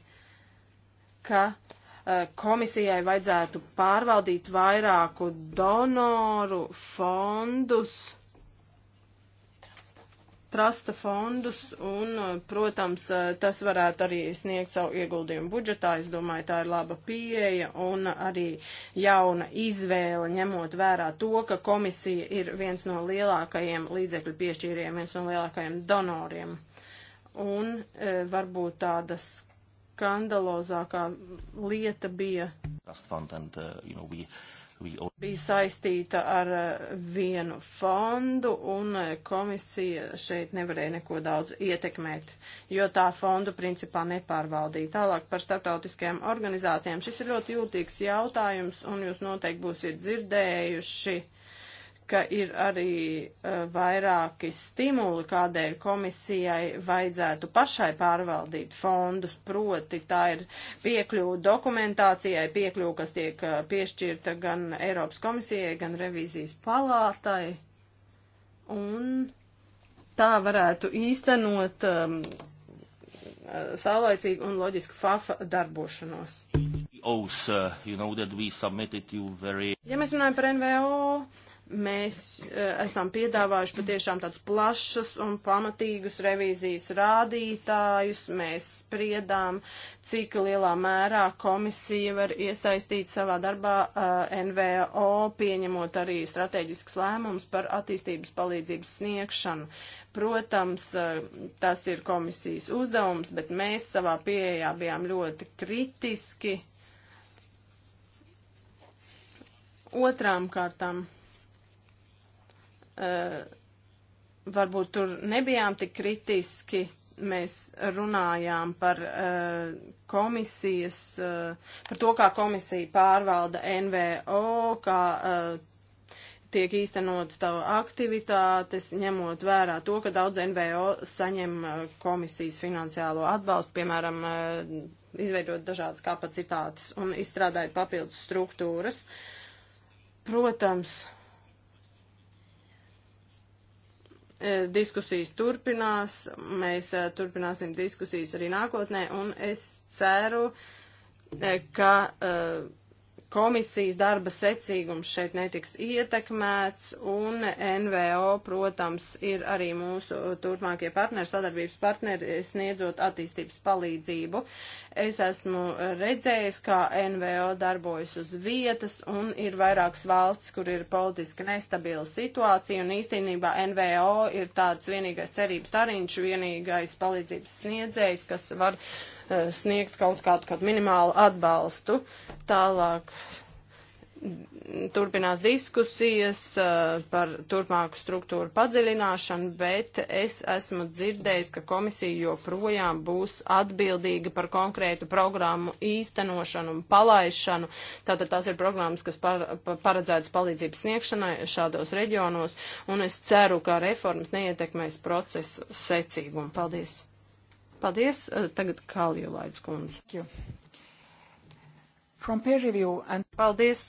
Speaker 3: ka eh, komisijai vajadzētu pārvaldīt vairāku donoru fondus, trasta fondus un, eh, protams, eh, tas varētu arī sniegt savu ieguldījumu budžetā. Es domāju, tā ir laba pieeja un arī jauna izvēle, ņemot vērā to, ka komisija ir viens no lielākajiem līdzekļu piešķīriem, viens no lielākajiem donoriem. Un e, varbūt tāda skandalozākā lieta bija. Trust fund and, uh, you know, we bija saistīta ar eh, vienu fondu, un eh, komisija šeit nevarēja neko daudz ietekmēt, jo tā fondu principā nepārvaldīja. Tālāk par starptautiskajām organizācijām. Šis ir ļoti jūtīgs jautājums, un jūs noteikti būsiet dzirdējuši ka ir arī uh, vairāki stimuli, kādēļ komisijai vajadzētu pašai pārvaldīt fondus, proti tā ir piekļuva dokumentācijai, piekļuva, kas tiek uh, piešķirta gan Eiropas komisijai, gan revīzijas palātai. Un tā varētu īstenot um, saulaicīgu un loģisku FAFA darbošanos.
Speaker 2: Oh, ja
Speaker 3: mēs runājam par NVO, mēs eh, esam piedāvājuši patiešām tādus plašus un pamatīgus revīzijas rādītājus. Mēs spriedām, cik lielā mērā komisija var iesaistīt savā darbā eh, NVO, pieņemot arī strateģisks lēmums par attīstības palīdzības sniegšanu. Protams, eh, tas ir komisijas uzdevums, bet mēs savā pieejā bijām ļoti kritiski. Otrām kārtām Eh, varbūt tur nebijām tik kritiski. Mēs runājām par uh, komisijas, uh, par to, kā komisija pārvalda NVO, kā uh, tiek īstenotas tavu aktivitātes, ņemot vērā to, ka daudz NVO saņem uh, komisijas finansiālo atbalstu, piemēram, uh, izveidot dažādas kapacitātes un izstrādājot papildus struktūras. Protams, uh, E, diskusijas turpinās, mēs e, turpināsim diskusijas arī nākotnē, un es ceru, e, ka uh, komisijas darba secīgums šeit netiks ietekmēts, un NVO, protams, ir arī mūsu turpmākie partneri, sadarbības partneri, sniedzot attīstības palīdzību. Es esmu redzējis, kā NVO darbojas uz vietas, un ir vairākas valsts, kur ir politiski nestabila situācija, un īstenībā NVO ir tāds vienīgais cerības tariņš, vienīgais palīdzības sniedzējs, kas var uh, Eh, sniegt kaut kādu, kādu minimālu atbalstu. Tālāk turpinās diskusijas eh, par turpmāku struktūru padziļināšanu, bet es esmu dzirdējis, ka komisija joprojām būs atbildīga par konkrētu programmu īstenošanu un palaišanu. Tātad tās ir programmas, kas par, paredzētas palīdzības sniegšanai šādos reģionos, un es ceru, ka reformas neietekmēs procesu secīgumu. Paldies! Paldies. Eh, tagad Kalju Laidus kundze. And... Paldies.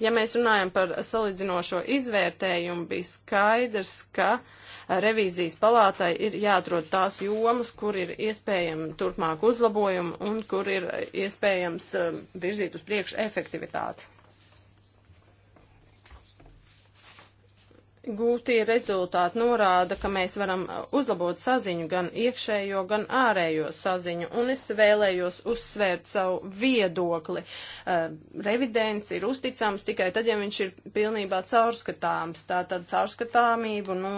Speaker 3: Ja mēs runājam par salīdzinošo izvērtējumu, bija skaidrs, ka eh, revīzijas palātai ir jāatrod tās jomas, kur ir iespējama turpmāk uzlabojuma un kur ir iespējams eh, virzīt uz priekšu efektivitāti. Gūtie rezultāti norāda, ka mēs varam uzlabot saziņu gan iekšējo, gan ārējo saziņu, un es vēlējos uzsvērt savu viedokli. Uh, revidents ir uzticams tikai tad, ja viņš ir pilnībā caurskatāms, tātad caurskatāmību no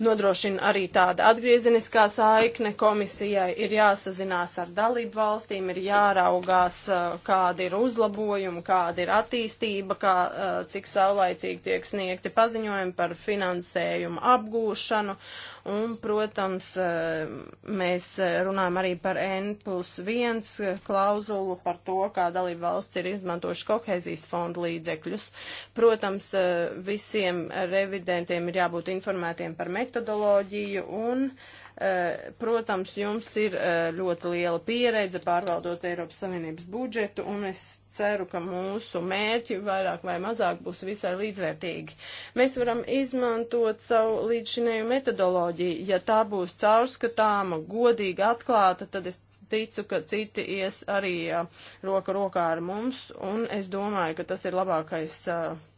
Speaker 3: nodrošina arī tāda atgriezeniskā saikne. Komisijai ir jāsazinās ar dalību valstīm, ir jāraugās, eh, kāda ir uzlabojuma, kāda ir attīstība, kā, eh, cik saulaicīgi tiek sniegti paziņojumi par finansējumu apgūšanu Un, protams, eh, mēs eh, runājam arī par N plus 1 klauzulu par to, kā dalība valsts ir izmantojuši kohēzijas fonda līdzekļus. Protams, eh, visiem revidentiem ir jābūt informētiem par metodoloģiju un uh, Eh, protams, jums ir eh, ļoti liela pieredze pārvaldot Eiropas Savienības budžetu, un es ceru, ka mūsu mērķi vairāk vai mazāk būs visai līdzvērtīgi. Mēs varam izmantot savu līdzšinēju metodoloģiju. Ja tā būs caurskatāma, godīgi atklāta, tad es ticu, ka citi ies arī eh, roka rokā ar mums, un es domāju, ka tas ir labākais. Uh,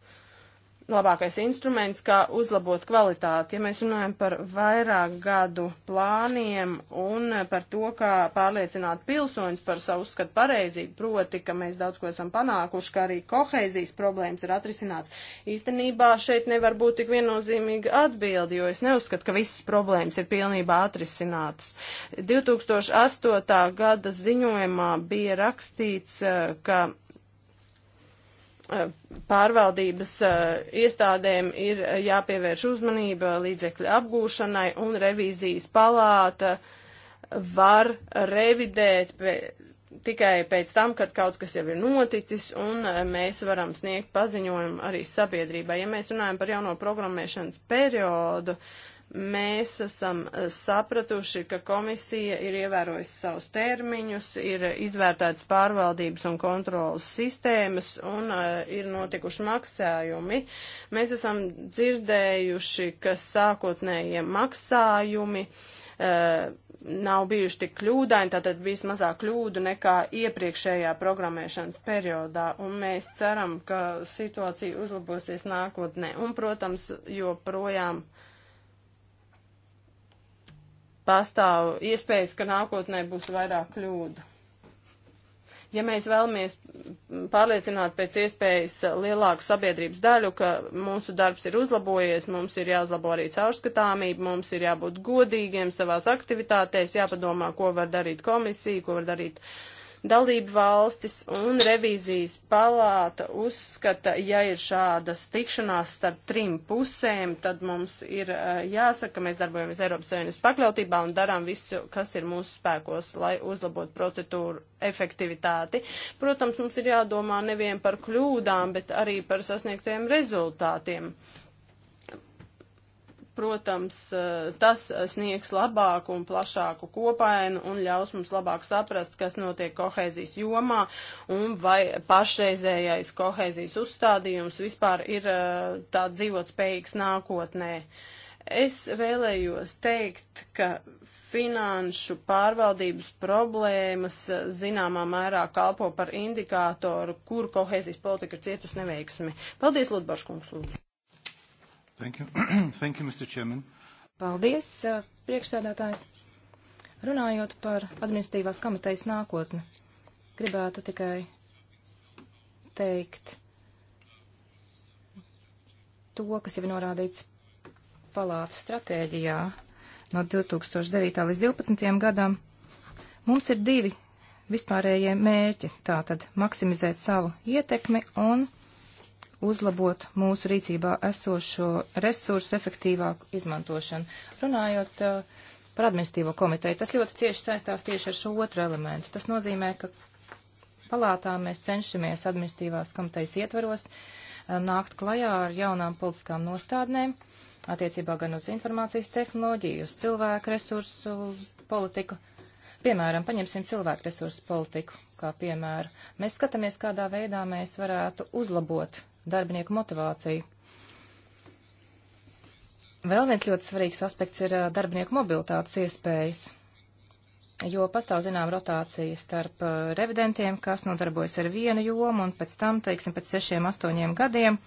Speaker 3: labākais instruments, kā uzlabot kvalitāti. Ja mēs runājam par vairāk gadu plāniem un par to, kā pārliecināt pilsoņus par savu uzskatu pareizību, proti, ka mēs daudz ko esam panākuši, ka arī koheizijas problēmas ir atrisināts. Īstenībā šeit nevar būt tik viennozīmīga atbildi, jo es neuzskatu, ka visas problēmas ir pilnībā atrisinātas. 2008. gada ziņojumā bija rakstīts, eh, ka pārvaldības eh, iestādēm ir eh, jāpievērš uzmanība līdzekļu apgūšanai un revīzijas palāta var revidēt tikai pēc tam, kad kaut kas jau ir noticis, un eh, mēs varam sniegt paziņojumu arī sabiedrībai. Ja mēs runājam par jauno programmēšanas periodu, uh, mēs esam eh, sapratuši, ka komisija ir ievērojusi savus termiņus, ir izvērtētas pārvaldības un kontrolas sistēmas un uh, ir notikuši maksājumi. Mēs esam dzirdējuši, ka sākotnējie maksājumi uh, nav bijuši tik kļūdaini, tātad bijis mazāk kļūdu nekā iepriekšējā programmēšanas periodā, un mēs ceram, ka situācija uzlabosies nākotnē. Un, protams, joprojām pastāv iespējas, ka nākotnē būs vairāk kļūdu. Ja mēs vēlamies pārliecināt pēc iespējas lielāku sabiedrības daļu, ka mūsu darbs ir uzlabojies, mums ir jāuzlabo arī caurskatāmība, mums ir jābūt godīgiem savās aktivitātēs, jāpadomā, ko var darīt komisija, ko var darīt uh, dalību valstis un revīzijas palāta uzskata, ja ir šādas tikšanās starp trim pusēm, tad mums ir eh, jāsaka, ka mēs darbojamies Eiropas Savienības pakļautībā un darām visu, kas ir mūsu spēkos, lai uzlabotu procedūru efektivitāti. Protams, mums ir jādomā nevien par kļūdām, bet arī par sasniegtajiem rezultātiem. Thank you Protams, eh, tas sniegs labāku un plašāku kopainu un ļaus mums labāk saprast, kas notiek kohēzijas jomā un vai pašreizējais kohēzijas uzstādījums vispār ir eh, tāds dzīvot spējīgs nākotnē. Es vēlējos teikt, ka finanšu pārvaldības problēmas eh, zināmā mērā kalpo par indikātoru, kur kohēzijas politika ir cietusi neveiksmi. Paldies, Lutbaškungs, lūdzu.
Speaker 2: Thank you. Thank you, Mr. Chairman. Paldies, uh, priekšsēdētāji. Runājot par administratīvās komitejas nākotni, gribētu tikai teikt to, kas jau ir norādīts palātas stratēģijā no 2009. līdz 2012. gadam. Mums ir divi vispārējie mērķi - tātad maksimizēt savu ietekmi un uzlabot mūsu rīcībā esošo resursu efektīvāku izmantošanu. Runājot uh, par administīvo komiteju, tas ļoti cieši saistās tieši ar šo otru elementu. Tas nozīmē, ka palātā mēs cenšamies administīvās komitejas ietvaros uh, nākt klajā ar jaunām politiskām nostādnēm attiecībā gan uz informācijas tehnoloģiju, uz cilvēku resursu politiku. Piemēram, paņemsim cilvēku resursu politiku kā piemēru. Mēs skatāmies, kādā veidā mēs varētu uzlabot darbinieku motivāciju. Vēl viens ļoti svarīgs aspekts ir darbinieku mobilitātes iespējas, jo pastāv zinām rotācija starp revidentiem, kas nodarbojas ar vienu jomu un pēc tam, teiksim, pēc sešiem, astoņiem gadiem,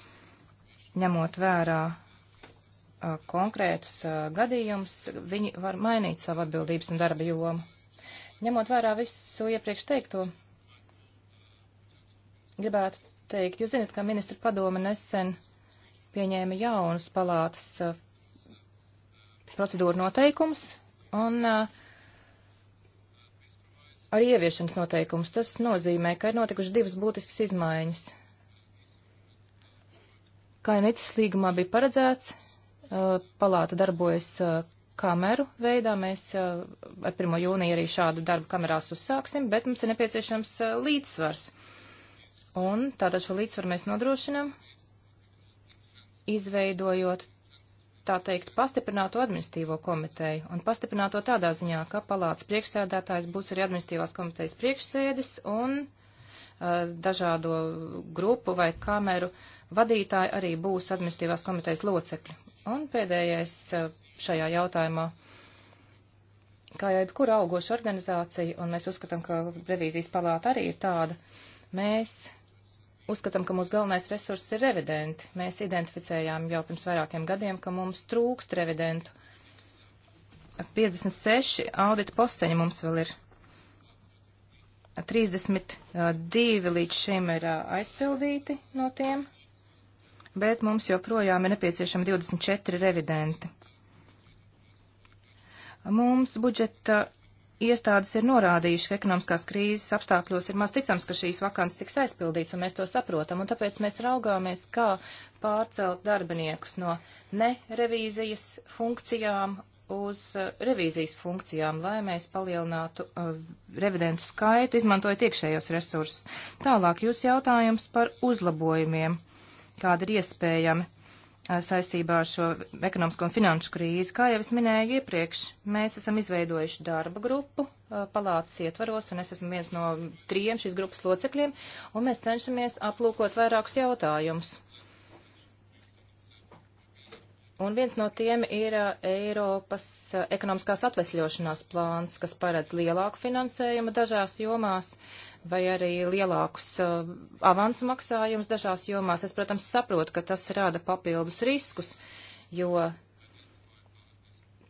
Speaker 2: ņemot vērā konkrētus gadījumus, viņi var mainīt savu atbildības un darba jomu. Ņemot vērā visu iepriekš teikto, gribētu teikt, jūs zināt, ka ministra padome nesen pieņēma jaunus palātas uh, eh, procedūru noteikumus un uh, arī ieviešanas noteikumus. Tas nozīmē, ka ir notikušas divas būtiskas izmaiņas. Kā jau Nicis līgumā bija paredzēts, uh, palāta darbojas kameru veidā. Mēs ar 1. jūniju arī šādu darbu kamerās uzsāksim, bet mums ir nepieciešams līdzsvars. Uh, Un tātad šo līdzsvaru mēs nodrošinam, izveidojot, tā teikt, pastiprināto administīvo komiteju. Un pastiprināto tādā ziņā, ka palātas priekšsēdētājs būs arī administīvās komitejas priekšsēdis un uh, dažādo grupu vai kameru vadītāji arī būs administīvās komitejas locekļi. Un pēdējais uh, šajā jautājumā kā jau jebkura augoša organizācija, un mēs uzskatām, ka revīzijas palāta arī ir tāda, mēs uzskatām, ka mūsu galvenais resurss ir revidenti. Mēs identificējām jau pirms vairākiem gadiem, ka mums trūkst revidentu. 56 audita posteņi mums vēl ir. 32 līdz šim ir aizpildīti no tiem, bet mums joprojām ir nepieciešami 24 revidenti. Mums budžeta iestādes ir norādījuši, ka ekonomiskās krīzes apstākļos ir maz ticams, ka šīs vakants tiks aizpildīts, un mēs to saprotam, un tāpēc mēs raugāmies, kā pārcelt darbiniekus no nerevīzijas funkcijām uz uh, revīzijas funkcijām, lai mēs palielinātu uh, revidentu skaitu, izmantojot iekšējos resursus. Tālāk jūs jautājums par uzlabojumiem, kāda ir iespējama saistībā ar šo ekonomisko un finanšu krīzi. Kā jau es minēju iepriekš, mēs esam izveidojuši darba grupu palātas ietvaros, un es esmu viens no trijiem šīs grupas locekļiem, un mēs cenšamies aplūkot vairākus jautājumus Un viens no tiem ir Eiropas ekonomiskās atvesļošanās plāns, kas paredz lielāku finansējumu dažās jomās vai arī lielākus avansu maksājumus dažās jomās. Es, protams, saprotu, ka tas rada papildus riskus, jo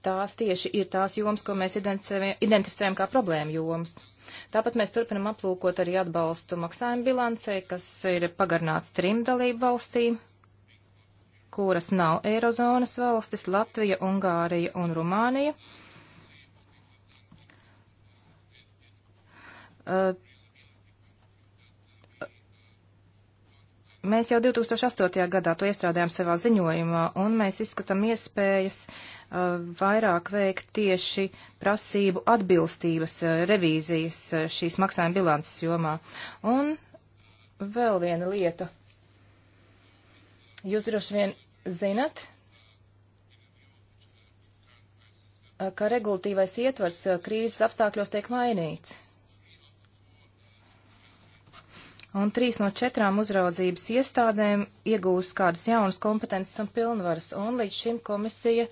Speaker 2: tās tieši ir tās jomas, ko mēs identificējam kā problēma jomas. Tāpat mēs turpinam aplūkot arī atbalstu maksājumu bilancei, kas ir pagarnāts trim dalību valstīm kuras nav Eirozonas valstis - Latvija, Ungārija un Rumānija. Uh, mēs jau 2008. gadā to iestrādājām savā ziņojumā, un mēs izskatām iespējas uh, vairāk veikt tieši prasību atbilstības uh, revīzijas uh, šīs maksājuma bilances jomā. Un vēl viena lieta. Jūs droši vien zinat, ka regulatīvais ietvars eh, krīzes apstākļos tiek mainīts. Un trīs no četrām uzraudzības iestādēm iegūst kādas jaunas kompetences un pilnvaras, un līdz šim komisija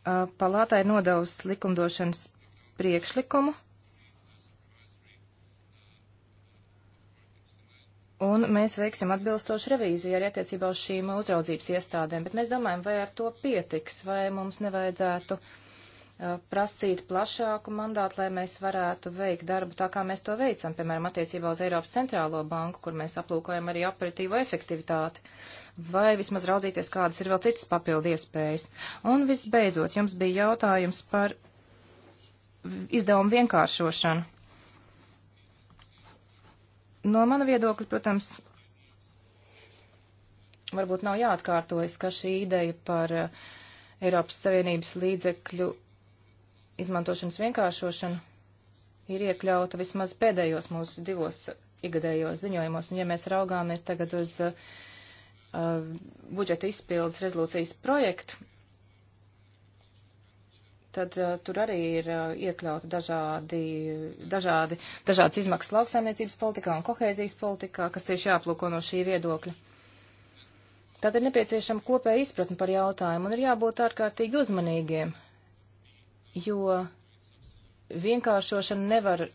Speaker 2: eh, palātai nodevusi likumdošanas priekšlikumu, Un mēs veiksim atbilstošu revīziju arī attiecībā uz šīm uzraudzības iestādēm, bet mēs domājam, vai ar to pietiks, vai mums nevajadzētu uh, prasīt plašāku mandātu, lai mēs varētu veikt darbu tā, kā mēs to veicam, piemēram, attiecībā uz Eiropas centrālo banku, kur mēs aplūkojam arī operatīvo efektivitāti, vai vismaz raudzīties, kādas ir vēl citas papildu iespējas. Un visbeidzot, jums bija jautājums par izdevumu vienkāršošanu. No mana viedokļa, protams, varbūt nav jāatkārtojas, ka šī ideja par eh, Eiropas Savienības līdzekļu izmantošanas vienkāršošanu ir iekļauta vismaz pēdējos mūsu divos igadējos ziņojumos. Un ja mēs raugāmies tagad uz uh, budžeta izpildes rezolūcijas projektu, tad uh, tur arī ir uh, iekļauti dažādi, dažādi, dažādas izmaksas lauksaimniecības politikā un kohēzijas politikā, kas tieši jāplūko no šī viedokļa. Tad ir nepieciešama kopēja izpratne par jautājumu un ir jābūt ārkārtīgi uzmanīgiem, jo vienkāršošana nevar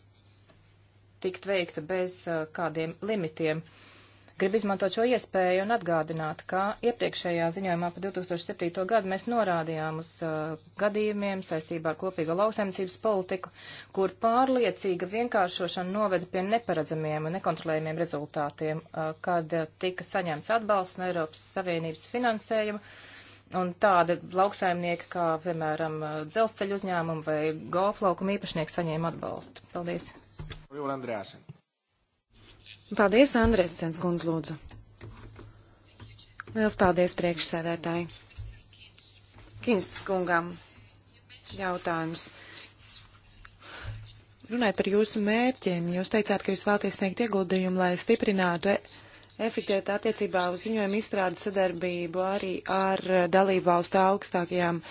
Speaker 2: tikt veikta bez uh, kādiem limitiem. Uh, Gribu izmantot šo iespēju un atgādināt, ka iepriekšējā ziņojumā par 2007. gadu mēs norādījām uz uh, gadījumiem saistībā ar kopīgo lauksaimniecības politiku, kur pārliecīga vienkāršošana noveda pie neparedzamiem un nekontrolējumiem rezultātiem, uh, kad uh, tika saņemts atbalsts no Eiropas Savienības finansējuma. Un tāda lauksaimnieka, kā, piemēram, uh, dzelzceļu uzņēmumu vai golflaukumu īpašnieku saņēma atbalstu. Paldies! Jūl Andrēsen. Paldies, Andrēs Censkundz, lūdzu. Liels paldies priekšsēdētāji.
Speaker 4: Kinsts kungam jautājums. Runājot par jūsu mērķiem, jūs teicāt, ka jūs vēlaties sniegt ieguldījumu, lai stiprinātu e efektivitāti attiecībā uz ziņojumu izstrādi sadarbību arī ar dalību valstu augstākajām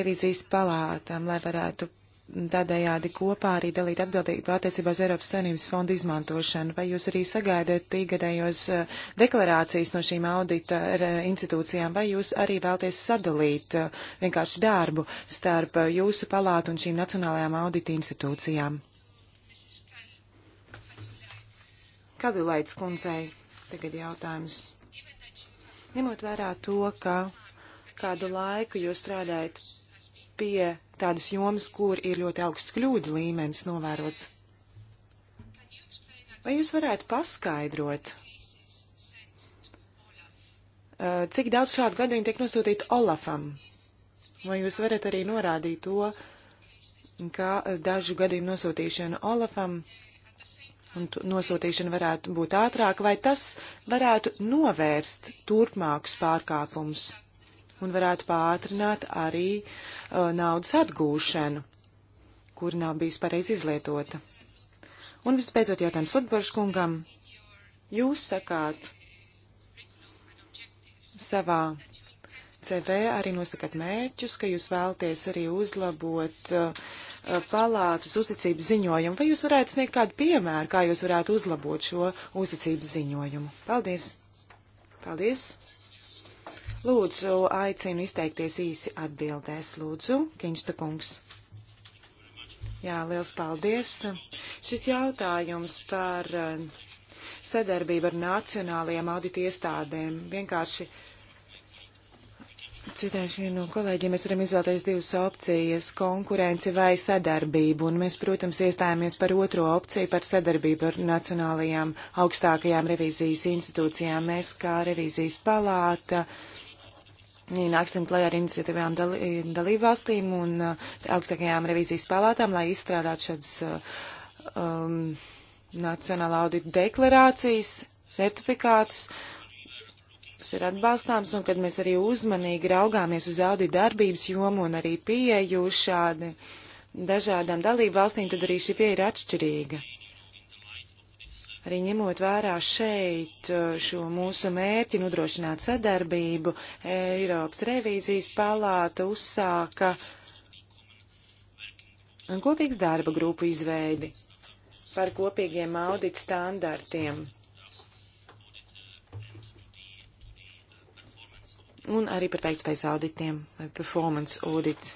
Speaker 4: revizijas palātām, lai varētu tādējādi kopā arī dalīt atbildību attiecībā uz Eiropas Savienības fondu izmantošanu. Vai jūs arī sagaidat tīgadējos eh, deklarācijas no šīm audita eh, institūcijām, vai jūs arī vēlties sadalīt eh, vienkārši darbu starp jūsu palātu un šīm nacionālajām audita institūcijām? Kalilaits kundzei tagad jautājums. Ņemot vērā to, ka kādu laiku jūs strādājat pie tādas jomas, kur ir ļoti augsts kļūdu līmenis novērots. Vai jūs varētu paskaidrot, uh, cik daudz šādu gadījumu tiek nosūtīti Olafam? Vai jūs varat arī norādīt to, ka dažu gadījumu nosūtīšana Olafam un nosūtīšana varētu būt ātrāk, vai tas varētu novērst turpmākus pārkāpumus? un varētu pātrināt arī uh, naudas atgūšanu, kur nav bijusi pareizi izlietota. Un visbeidzot jautājums Lutborškungam. Jūs sakāt savā CV arī nosakāt mērķus, ka jūs vēlties arī uzlabot uh, uh, palātas uzticības ziņojumu. Vai jūs varētu sniegt kādu piemēru, kā jūs varētu uzlabot šo uzticības ziņojumu? Paldies! Paldies! Lūdzu, aicinu izteikties īsi atbildēs. Lūdzu, Kiņšta kungs. Jā, liels paldies. Šis jautājums par eh, sadarbību ar nacionālajiem auditu iestādēm vienkārši. Citēšu vienu no kolēģiem, mēs varam izvēlēties divas opcijas - konkurenci vai sadarbību, un mēs, protams, iestājāmies par otro opciju, par sadarbību ar nacionālajām augstākajām revīzijas institūcijām. Mēs, kā revīzijas palāta, uh, Nāksim klajā ar iniciatīvām dalī, dalībvalstīm un uh, augstākajām revīzijas palātām, lai izstrādātu šādas uh, um, nacionāla audita deklarācijas, certifikātus. Tas ir atbalstāms, un kad mēs arī uzmanīgi raugāmies uz audita darbības jomu un arī pieeju šādi dažādām dalībvalstīm, tad arī šī pieeja ir atšķirīga. Arī ņemot vērā šeit uh, šo mūsu mērķi nodrošināt sadarbību, Eiropas revīzijas palāta uzsāka kopīgas darba grupu izveidi par kopīgiem audit standartiem. Un arī par veiktspējas auditiem vai performance audits.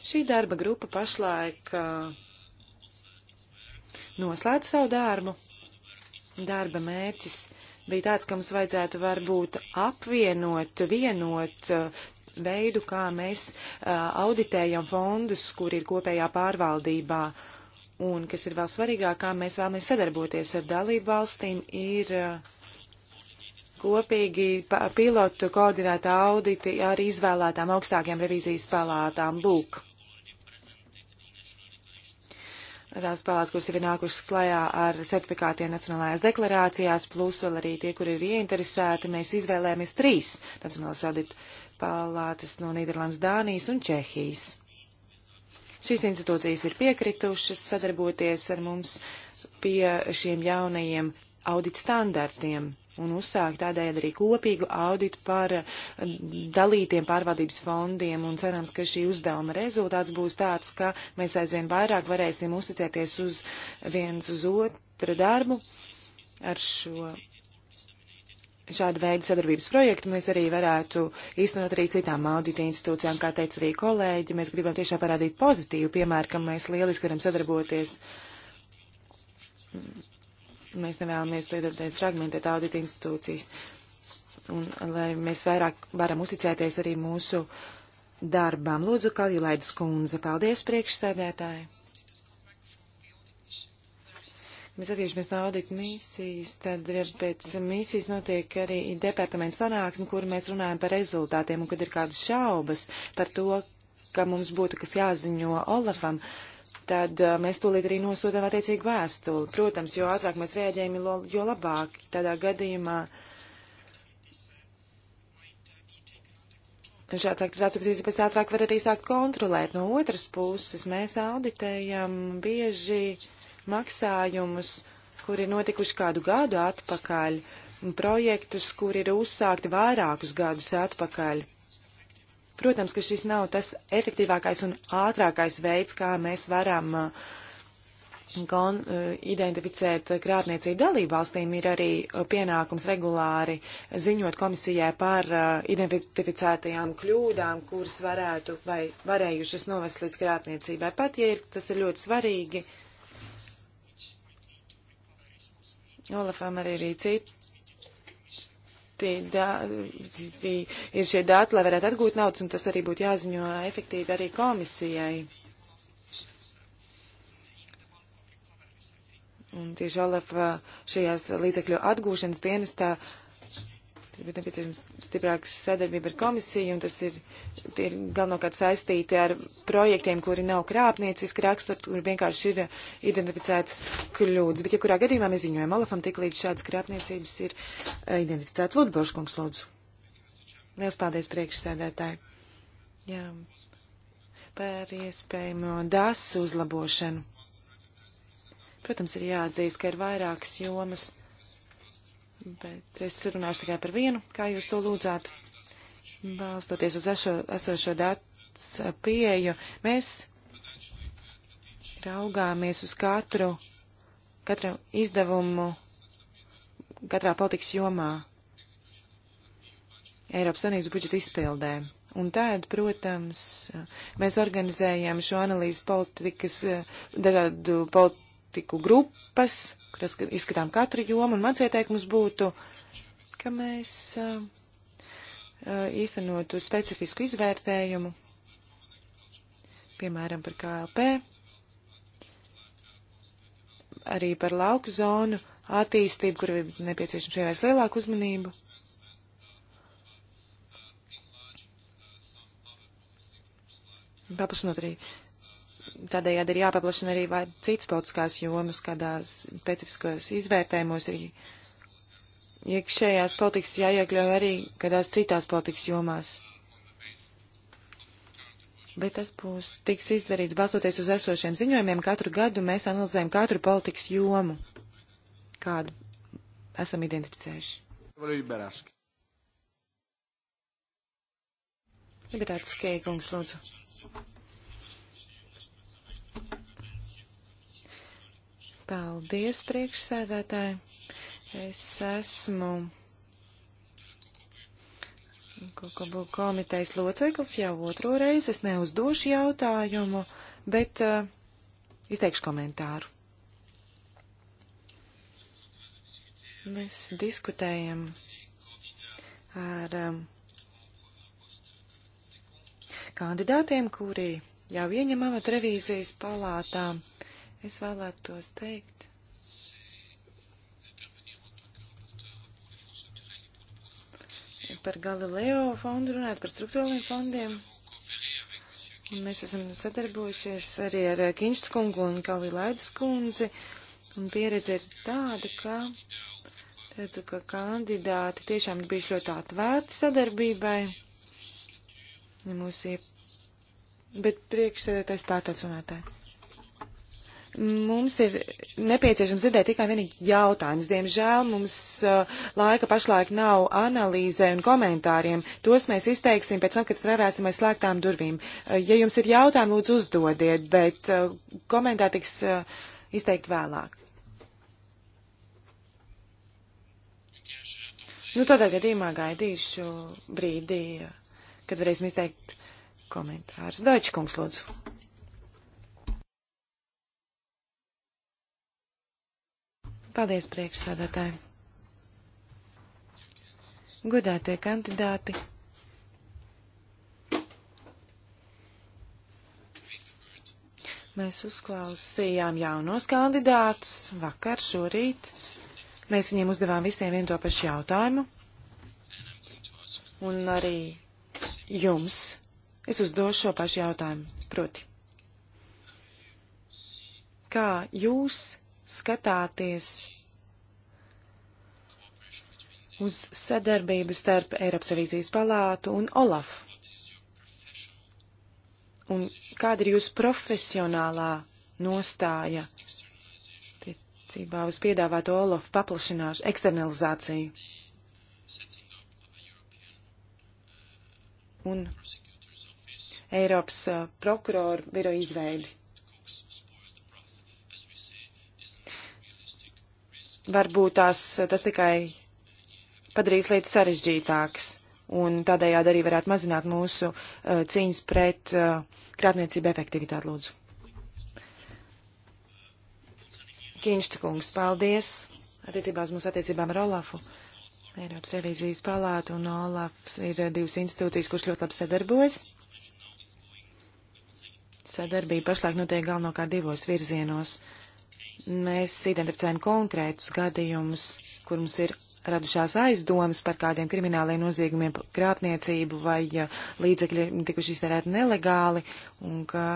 Speaker 4: Šī darba grupa pašlaik uh, noslēdz savu darbu. Darba mērķis bija tāds, ka mums vajadzētu varbūt apvienot, vienot uh, veidu, kā mēs uh, auditējam fondus, kur ir kopējā pārvaldībā. Un, kas ir vēl svarīgāk, kā mēs vēlamies sadarboties ar dalību valstīm, ir uh, kopīgi pilotu koordinēta auditi ar izvēlētām augstākajām revīzijas palātām. Lūk, Tās palātas, kuras ir nākušas klajā ar certifikātiem nacionālajās deklarācijās, plus vēl arī tie, kuri ir ieinteresēti, mēs izvēlējāmies trīs nacionālās auditu palātas no Nīderlandes, Dānijas un Čehijas. Šīs institūcijas ir piekritušas sadarboties ar mums pie šiem jaunajiem audit standartiem un uzsākt tādējādi arī kopīgu auditu par dalītiem pārvaldības fondiem, un cerams, ka šī uzdevuma rezultāts būs tāds, ka mēs aizvien vairāk varēsim uzticēties uz viens uz otru darbu ar šo. Šādu veidu sadarbības projektu mēs arī varētu īstenot arī citām audita institūcijām, kā teica arī kolēģi. Mēs gribam tiešām parādīt pozitīvu piemēru, ka mēs lieliski varam sadarboties Mēs nevēlamies lietotēt fragmentēt audita institūcijas. Un, lai mēs vairāk varam uzticēties arī mūsu darbām. Lūdzu, Kaljulaidas kundze, paldies priekšsēdētāji. Mēs atgriežamies no audita misijas, tad pēc misijas notiek arī departaments sanāksme, kur mēs runājam par rezultātiem, un kad ir kādas šaubas par to, ka mums būtu kas jāziņo Olafam, uh, tad uh, mēs tūlīt arī nosūtām attiecīgu vēstuli. Protams, jo ātrāk mēs rēģējam, jo labāk tādā gadījumā šāds aktivitātes pēc pēc ātrāk var arī sākt kontrolēt. No otras puses, mēs auditējam bieži maksājumus, kuri ir notikuši kādu gadu atpakaļ, projektus, kuri ir uzsākti vairākus gadus atpakaļ. Protams, ka šis nav tas efektīvākais un ātrākais veids, kā mēs varam kon, uh, uh, identificēt krāpniecību dalību valstīm. Ir arī uh, pienākums regulāri ziņot komisijai par identificētajām kļūdām, kuras varētu vai varējušas novest līdz krāpniecībai. Pat, ja ir, tas ir ļoti svarīgi. Olafam arī ir citi tie da, ir šie dati, lai varētu atgūt naudas, un tas arī būtu jāziņo efektīvi arī komisijai. Un tieši Olaf šajās līdzekļu atgūšanas dienestā uh, ir nepieciešams stiprāks sadarbība ar komisiju, un tas ir, ir galvenokārt saistīti ar projektiem, kuri nav krāpnieciski rakstur, kur vienkārši ir identificēts kļūdas. Bet, ja kurā gadījumā mēs ziņojam Olafam, tik līdz šādas krāpniecības ir eh, identificēts Lodboškungs, lūdzu. Liels paldies priekšsēdētāji. Jā. Par iespējamo DAS uzlabošanu. Protams, ir jāatzīst, ka ir vairākas jomas bet es runāšu tikai par vienu, kā jūs to lūdzāt. Balstoties uz ešo, esošo dats eh, pieeju, mēs raugāmies uz katru, katru izdevumu katrā politikas jomā Eiropas Savienības budžeta izpildē. Un tad, protams, mēs organizējam šo analīzes politikas, eh, dažādu politiku grupas, Tas, ka izskatām katru jomu, un mans ieteikums būtu, ka mēs uh, īstenotu specifisku izvērtējumu, piemēram, par KLP, arī par lauku zonu attīstību, kur ir nepieciešams pievērst lielāku uzmanību. Paplašinot arī tādējādi ir jāpaplašina arī vai cits politiskās jomas, kādās specifiskos izvērtējumos ir iekšējās politikas jāiekļauj arī kādās citās politikas jomās. Bet tas būs tiks izdarīts balstoties uz esošiem ziņojumiem. Katru gadu mēs analizējam katru politikas jomu, kādu esam identificējuši. Liberāts Skeikungs, lūdzu. Paldies, priekšsēdētāji. Es esmu Kokobu komitejas loceklis jau otro reizi. Es neuzdošu jautājumu, bet uh, izteikšu komentāru. Mēs diskutējam ar um, kandidātiem, kuri jau ieņem amat revīzijas palātām. Es vēlētos teikt, par Galileo fondu runāt, par struktūrāliem fondiem. Un mēs esam sadarbojušies arī ar Kinštu kungu un Kalilaidas kundzi. Un pieredze ir tāda, ka redzu, ka kandidāti tiešām ir bijuši ļoti atvērti sadarbībai. Ja mūs ie... Bet priekšsēdētājs pārtaucunātāji. Mums ir nepieciešams dzirdēt tikai vienīgi jautājumus. Diemžēl mums uh, laika pašlaik nav analīzē un komentāriem. Tos mēs izteiksim pēc tam, kad strādāsim aiz slēgtām durvīm. Uh, ja jums ir jautājumi, lūdzu uzdodiet, bet uh, komentāri tiks uh, izteikt vēlāk. Nu, tādā gadījumā gaidīšu brīdī, uh, kad varēsim izteikt komentārus. Deutsche kungs, lūdzu. Paldies, priekšsādātāji. Godātie kandidāti. Mēs uzklausījām jaunos kandidātus vakar, šorīt. Mēs viņiem uzdevām visiem vienu to pašu jautājumu. Un arī jums es uzdošu šo pašu jautājumu. Proti, kā jūs skatāties uz sadarbību starp Eiropas revīzijas palātu un Olaf? Un kāda ir jūsu profesionālā nostāja attiecībā uz piedāvāto Olaf paplašināšanu, eksternalizāciju? Un Eiropas uh, prokuroru biroju izveidi. varbūt tās, tas tikai padarīs lietas sarežģītākas un tādējādi arī varētu mazināt mūsu uh, cīņas pret uh, krāpniecību efektivitāti, lūdzu. Kīņšta kungs, paldies attiecībā uz mūsu attiecībām ar Olafu. Eiropas revīzijas palāta un Olafs ir uh, divas institūcijas, kuras ļoti labi sadarbojas. Sadarbība pašlaik notiek galvenokārt divos virzienos. Uh, Mēs identificējam konkrētus gadījumus, kur mums ir radušās aizdomas par kādiem krimināliem noziegumiem, krāpniecību vai līdzekļi tikuši iztērēti nelegāli, un ka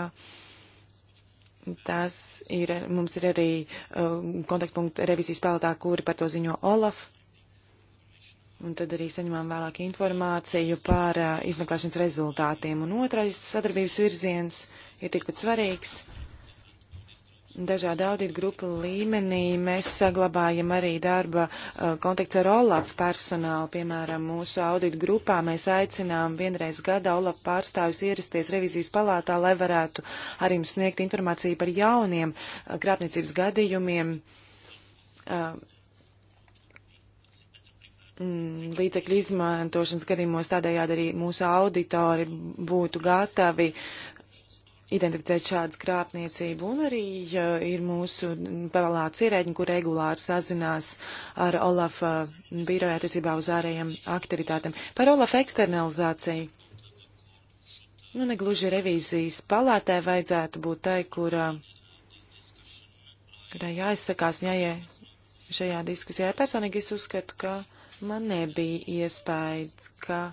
Speaker 4: tas ir, mums ir arī uh, um, kontaktpunkti revizijas palatā, kuri par to ziņo Olaf, Un tad arī saņemām vēlāk informāciju par uh, izmeklēšanas rezultātiem. Un otrais sadarbības virziens ir tikpat svarīgs dažādu audītu grupu līmenī mēs saglabājam arī darba uh, kontekstu ar OLAP personālu. Piemēram, mūsu audītu grupā mēs aicinām vienreiz gada OLAP pārstāvjus ierasties revizijas palātā, lai varētu arī jums sniegt informāciju par jauniem uh, krāpniecības gadījumiem uh, mm, līdzekļu izmantošanas gadījumos tādējādi arī mūsu auditori būtu gatavi identificēt šādas krāpniecību, un arī uh, ir mūsu pavalāts ierēģi, kur regulāri sazinās ar Olaf uh, biroju attiecībā uz ārējiem aktivitātēm. Par Olaf eksternalizāciju. Nu, negluži revīzijas palātē vajadzētu būt tai, kurā, uh, kurai jāizsakās, un jāie šajā diskusijā. Personīgi es uzskatu, ka man nebija iespējas, ka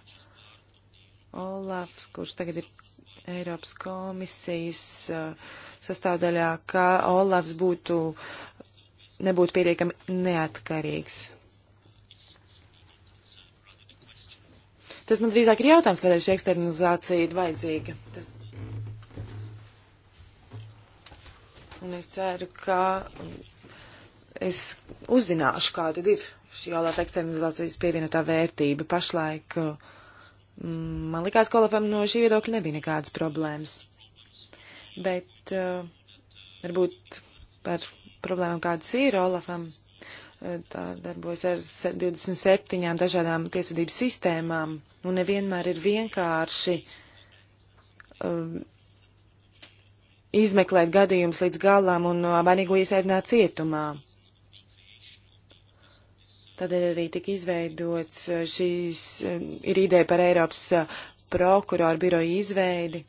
Speaker 4: Olafs, kurš tagad ir Eiropas komisijas eh, sastāvdaļā, ka Olafs būtu, nebūtu pietiekami neatkarīgs. Tas man drīzāk ir jautājums, kādēļ šī eksternalizācija ir vajadzīga. Tas... Un es ceru, ka es uzzināšu, kāda ir šī olāta eksternalizācijas pievienotā vērtība pašlaik. Uh, Man likās, ka Olafam no šī viedokļa nebija nekādas problēmas. Bet uh, varbūt par problēmām, kādas ir Olafam, eh, tā darbojas ar 27 dažādām tiesvedības sistēmām, un nevienmēr ir vienkārši uh, izmeklēt gadījumus līdz galam un vainīgo iesēdināt cietumā. Tādēļ arī tika izveidots eh, šīs, eh, ir ideja par Eiropas eh, prokuroru biroju izveidi.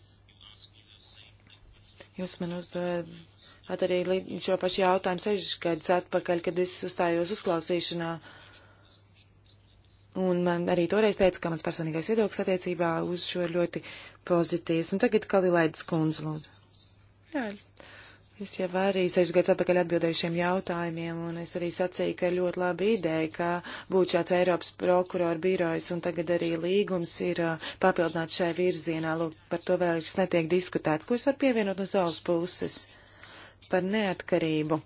Speaker 4: Jūs man uzdodat arī šo pašu jautājumu sešas gadus atpakaļ, kad es uzstājos uzklausīšanā. Un man arī toreiz teica, ka mans personīgais viedoklis attiecībā uz šo ir ļoti pozitīvs. Un tagad Kalilaidas kundze lūdzu. Jā, Es jau arī sešas gadus atpakaļ atbildēju šiem jautājumiem, un es arī sacīju, ka ļoti laba ideja, ka būtu šāds Eiropas prokurora birojs, un tagad arī līgums ir uh, papildināts šai virzienā. Lūk, par to vēl es netiek diskutēts. Ko es varu pievienot no savas puses par neatkarību?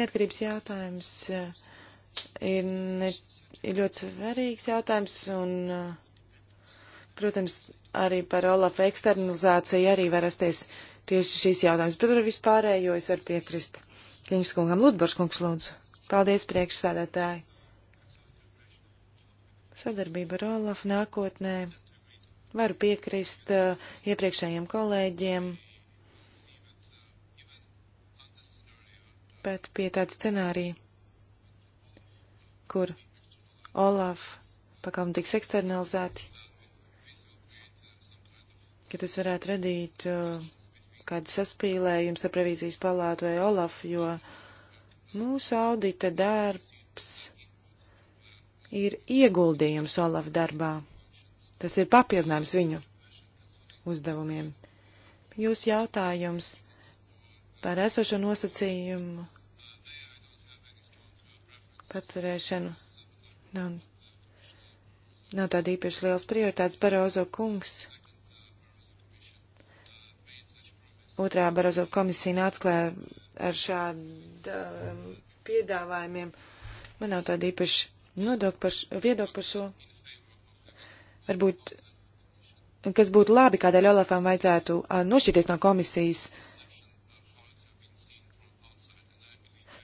Speaker 4: Neatkarības jautājums uh, ir, ne, ir ļoti svarīgs jautājums, un, uh, protams, arī par Olafa eksternalizāciju arī var rasties tieši šīs jautājums, bet par vispārējo es varu piekrist. Kiņš kungam Ludborš kungs lūdzu. Paldies priekšsādātāji. Sadarbība ar Olafu nākotnē. Varu piekrist uh, iepriekšējiem kolēģiem. Bet pie tāda scenārija, kur Olaf pakalpojumi tiks eksternalizēti, ka tas varētu radīt uh, kādu saspīlējumu starp revīzijas palātu vai Olafu, jo mūsu audita darbs ir ieguldījums Olafa darbā. Tas ir papildinājums viņu uzdevumiem. Jūsu jautājums par esošo nosacījumu paturēšanu nav, nav tāda īpaši liels prioritāts. Barozo kungs Otrā Barozo komisija atklāja ar šādiem piedāvājumiem. Man nav tāda īpaša nodokļa par, viedokļa par šo. Varbūt, kas būtu labi, kādēļ Olafam vajadzētu nošķirties no komisijas.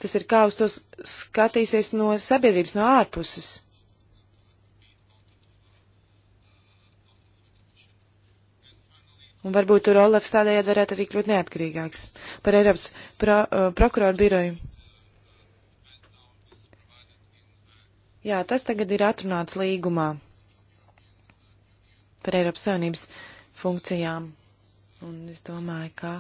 Speaker 4: Tas ir kā uz to skatīsies no sabiedrības, no ārpuses. Un varbūt tur Olafs tādējādi varētu arī kļūt neatkarīgāks par Eiropas pro, uh, prokuroru biroju. Jā, tas tagad ir atrunāts līgumā par Eiropas Savienības funkcijām. Un es domāju, ka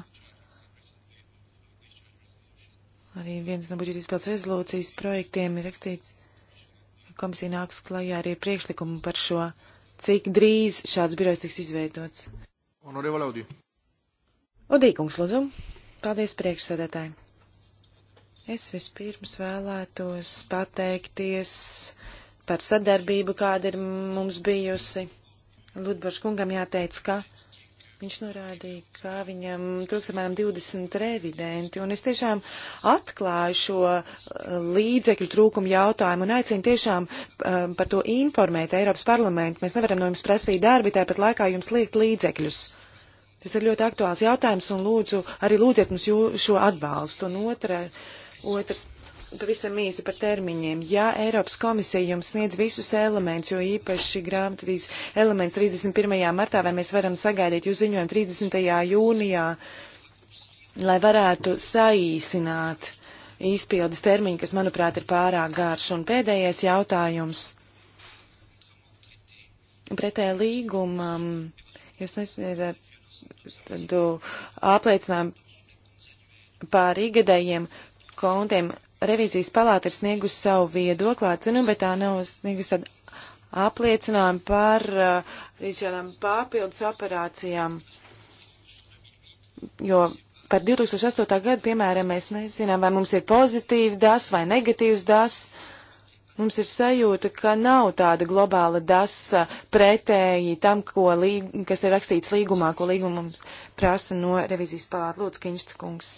Speaker 4: arī viens no budžeta izpildes rezolūcijas projektiem ir rakstīts, ka komisija nāks klajā arī priekšlikumu par šo, cik drīz šāds birojs tiks izveidots. Honorevole Audī. Odīkungs, lūdzu. Paldies priekšsēdētāji. Es vispirms vēlētos pateikties par sadarbību, kāda ir mums bijusi. Ludbošs kungam jāteic, ka Viņš norādīja, ka viņam trūkst apmēram 20 revidenti, un es tiešām atklāju šo uh, līdzekļu trūkumu jautājumu un aicinu tiešām um, par to informēt Eiropas parlamentu. Mēs nevaram no jums prasīt darbi, tāpat laikā jums liekt līdzekļus. Tas ir ļoti aktuāls jautājums, un lūdzu, arī lūdziet mums jū, šo atbalstu. Un otra, otrs pavisam īsi par termiņiem. Ja Eiropas komisija jums sniedz visus elementus, jo īpaši grāmatīs elements 31. martā, vai mēs varam sagaidīt jūs ziņojumu 30. jūnijā, lai varētu saīsināt izpildes termiņu, kas, manuprāt, ir pārāk garš. Un pēdējais jautājums. Pretēji līgumam jūs nesniedzat tādu apliecinājumu pār igadējiem kontiem revīzijas palāta ir sniegusi savu viedokli, atzinu, bet tā nav sniegusi tādu apliecinājumu par uh, šādām papildus operācijām. Jo par 2008. gadu, piemēram, mēs nezinām, vai mums ir pozitīvs das vai negatīvs das. Mums ir sajūta, ka nav tāda globāla das pretēji tam, ko līg, kas ir rakstīts līgumā, ko līguma mums prasa no revizijas palāta Lūdzu Kiņšta kungs.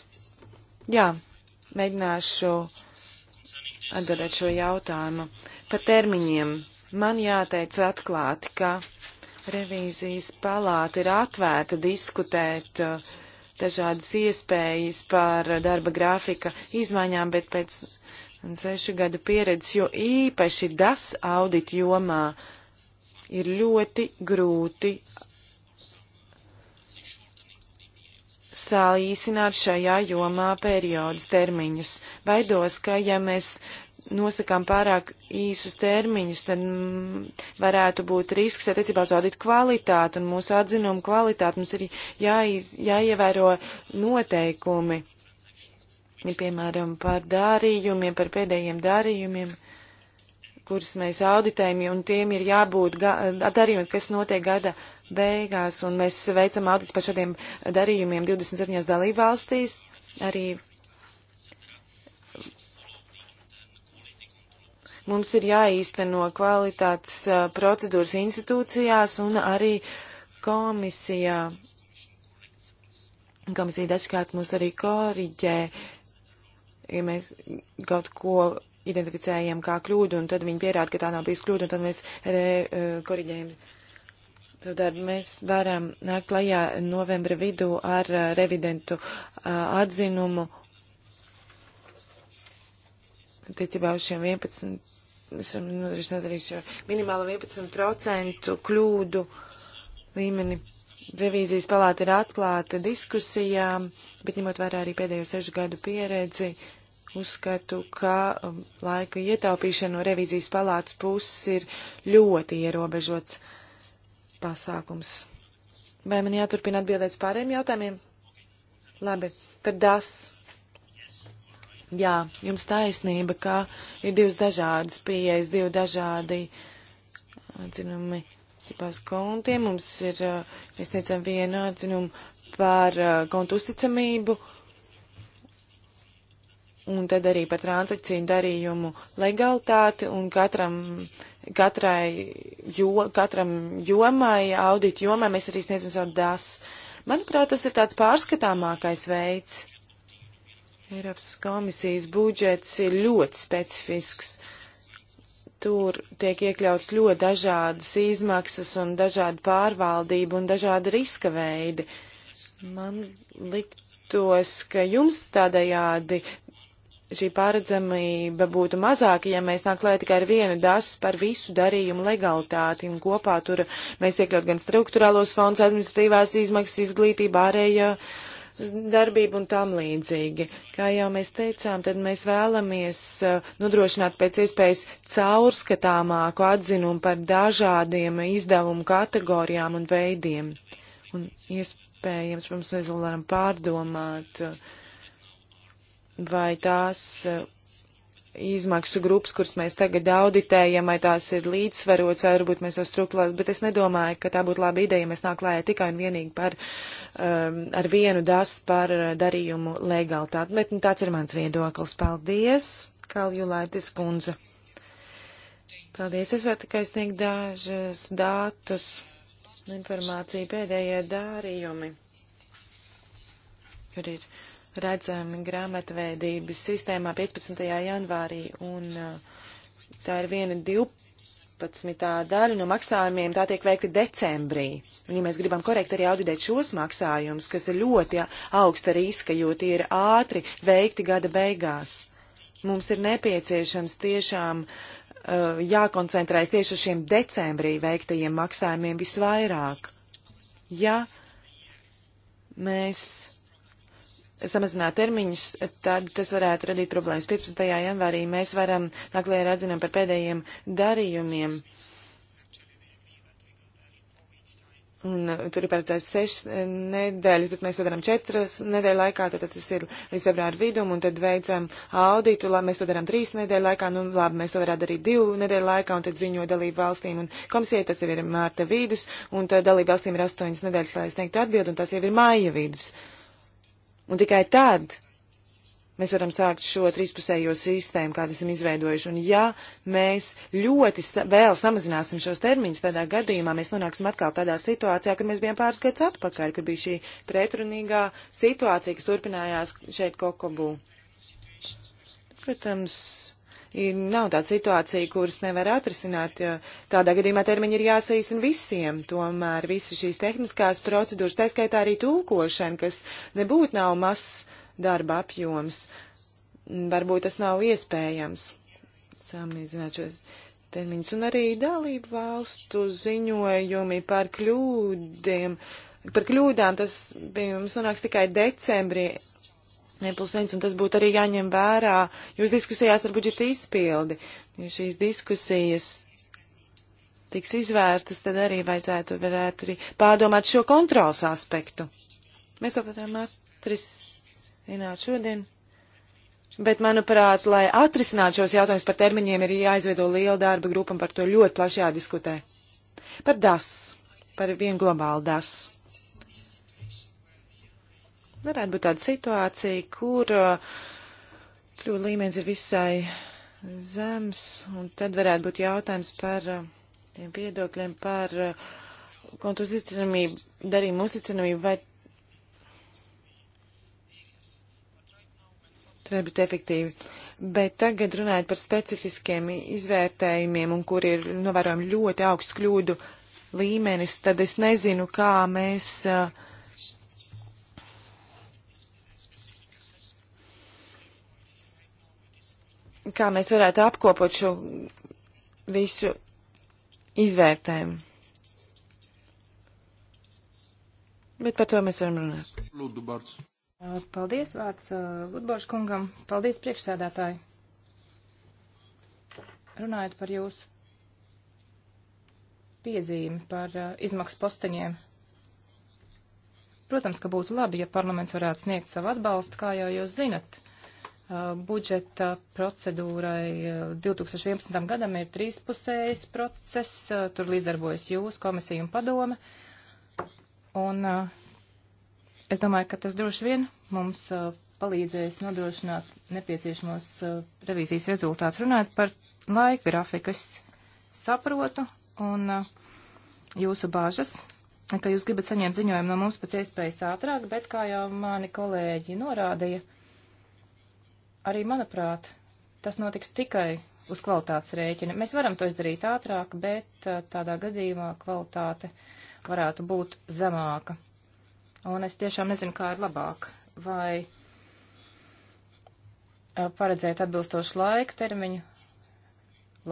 Speaker 4: Jā, Mēģināšu atbildēt šo jautājumu. Par termiņiem man jāteic atklāti, ka revīzijas palāta ir atvērta diskutēt uh, dažādas iespējas par darba grafika izmaiņām, bet pēc sešu gadu pieredzes, jo īpaši das audit jomā ir ļoti grūti sāīsināt šajā jomā periodus termiņus. Baidos, ka ja mēs nosakām pārāk īsus termiņus, tad m, mm, varētu būt risks attiecībā uz audītu kvalitāti un mūsu atzinumu kvalitāti. Mums ir jāiz, jāievēro noteikumi, ja, piemēram, par dārījumiem, par pēdējiem dārījumiem, kurus mēs auditējam, un tiem ir jābūt dārījumiem, kas notiek gada beigās, un mēs veicam audits par šādiem darījumiem 27 dalībvalstīs. Arī mums ir jāīsteno kvalitātes procedūras institūcijās un arī komisijā. Komisija dažkārt mūs arī koriģē, ja mēs kaut ko identificējam kā kļūdu, un tad viņi pierāda, ka tā nav bijusi kļūda, un tad mēs re, koriģējam Tad mēs varam nākt klajā novembra vidū ar uh, revidentu uh, atzinumu attiecībā uz šiem 11, mēs varam nodrošināt arī šo minimālo 11% kļūdu līmeni. Revīzijas palāta ir atklāta diskusijām, bet ņemot vērā arī pēdējo sešu gadu pieredzi, uzskatu, ka um, laika ietaupīšana no revīzijas palātas puses ir ļoti ierobežots. Uh, pasākums. Vai man jāturpina atbildēt uz pārējiem jautājumiem? Labi, par DAS. Jā, jums taisnība, ka ir divas dažādas pieejas, divi dažādi atzinumi tipās kontiem. Mums ir, mēs sniedzam vienu atzinumu par kontu uzticamību un tad arī par transakciju darījumu legalitāti un katram katrai, jo, katram jomai, audit jomai mēs arī sniedzam savu das. Manuprāt, tas ir tāds pārskatāmākais veids. Eiropas komisijas budžets ir ļoti specifisks. Tur tiek iekļauts ļoti dažādas izmaksas un dažāda pārvaldība un dažāda riska veidi. Man liktos, ka jums tādajādi šī pārredzamība būtu mazāka, ja mēs nāk klāt tikai ar vienu dasu par visu darījumu legalitāti, un kopā tur mēs iekļaut gan struktūrālos fonds, administratīvās izmaksas, izglītība, ārēja darbība un tam līdzīgi. Kā jau mēs teicām, tad mēs vēlamies uh, nodrošināt pēc iespējas caurskatāmāku atzinumu par dažādiem izdevumu kategorijām un veidiem. Un iespējams, protams, mēs varam pārdomāt. Uh, vai tās eh, izmaksu grupas, kuras mēs tagad auditējam, vai tās ir līdzsvarots, vai varbūt mēs jau struktūrēt, bet es nedomāju, ka tā būtu laba ideja, ja mēs nāk klājā tikai un vienīgi par, um, ar vienu das par eh, darījumu legalitāti. Bet nu, tāds ir mans viedoklis. Paldies, Kaljulaitis kundze. Paldies, es varu tikai sniegt dažas datus, informāciju pēdējie darījumi, kur ir redzami grāmatveidības sistēmā 15. janvārī, un uh, tā ir viena 12. daļa no maksājumiem, tā tiek veikti decembrī. Un, ja mēs gribam korekti arī auditēt šos maksājumus, kas ir ļoti augsta riska, jo tie ir ātri veikti gada beigās, mums ir nepieciešams tiešām uh, jākoncentrējas tieši uz šiem decembrī veiktajiem maksājumiem visvairāk. Ja mēs samazināt termiņus, tad tas varētu radīt problēmas. 15. janvārī mēs varam naklē atzinam par pēdējiem darījumiem. Un uh, tur ir paredzēts sešas uh, nedēļas, bet mēs to darām četras nedēļu laikā, tad, tad tas ir līdz februāra vidum, un tad veicam auditu, lai mēs to darām trīs nedēļu laikā, nu labi, mēs to varētu darīt divu nedēļu laikā, un tad ziņo dalību valstīm un komisijai, tas jau ir mārta vidus, un tad dalību valstīm ir astoņas nedēļas, lai sniegtu atbildi, un tas jau ir māja vidus. Uh, Un tikai tad mēs varam sākt šo trīspusējo sistēmu, kādu esam izveidojuši. Un ja mēs ļoti sa vēl samazināsim šos termiņus, tādā gadījumā mēs nonāksim atkal tādā situācijā, kad mēs bijām pāris gadus atpakaļ, kad bija šī pretrunīgā situācija, kas turpinājās šeit Kokobū. Protams, nav tāda situācija, kuras nevar atrisināt. Tādā gadījumā termiņi ir jāsaīsina visiem. Tomēr visas šīs tehniskās procedūras, tā skaitā arī tulkošana, kas nebūtu nav mazs darba apjoms, varbūt tas nav iespējams. Samizināt šos termiņus un arī dalību valstu ziņojumi par kļūdiem. Par kļūdām tas bija mums sanāks tikai decembrī, neplūsēns, un tas būtu arī jāņem vērā jūs diskusijās ar budžeta izpildi. Ja šīs diskusijas tiks izvērstas, tad arī vajadzētu varētu arī pārdomāt šo kontrols aspektu. Mēs to varam atrisināt šodien. Bet, manuprāt, lai atrisinātu šos jautājumus par termiņiem, ir jāizveido liela darba grupa un par to ļoti plaši jādiskutē. Par DAS, par vienu globālu DAS varētu būt tāda situācija, kur uh, kļūda līmenis ir visai zems, un tad varētu būt jautājums par uh, tiem viedokļiem par uh, kontu uzticamību, darījumu uzticamību, vai varētu būt efektīvi. Bet tagad runājot par specifiskiem izvērtējumiem, un kur ir novērojami ļoti augsts kļūdu līmenis, tad es nezinu, kā mēs uh, kā mēs varētu apkopot šo visu izvērtējumu.
Speaker 2: Bet par to mēs varam runāt. Lūdzu, Bārts. Paldies, vārds uh, Ludbošs kungam. Paldies, priekšsēdētāji. Runājot par jūsu piezīmi par uh, izmaksu posteņiem. Protams, ka būtu labi, ja parlaments varētu sniegt savu atbalstu, kā jau jūs zinat budžeta procedūrai 2011. gadam ir trīspusējs process, tur līdzdarbojas jūs, komisija un padome. Un es domāju, ka tas droši vien mums palīdzēs nodrošināt nepieciešamos revīzijas rezultātus. Runājot par laika grafiku, es saprotu un jūsu bāžas, ka jūs gribat saņemt ziņojumu no mums pēc iespējas ātrāk, bet kā jau mani kolēģi norādīja, arī, manuprāt, tas notiks tikai uz kvalitātes rēķina. Mēs varam to izdarīt ātrāk, bet uh, tādā gadījumā kvalitāte varētu būt zemāka. Un es tiešām nezinu, kā ir labāk. Vai uh, paredzēt atbilstošu laika termiņu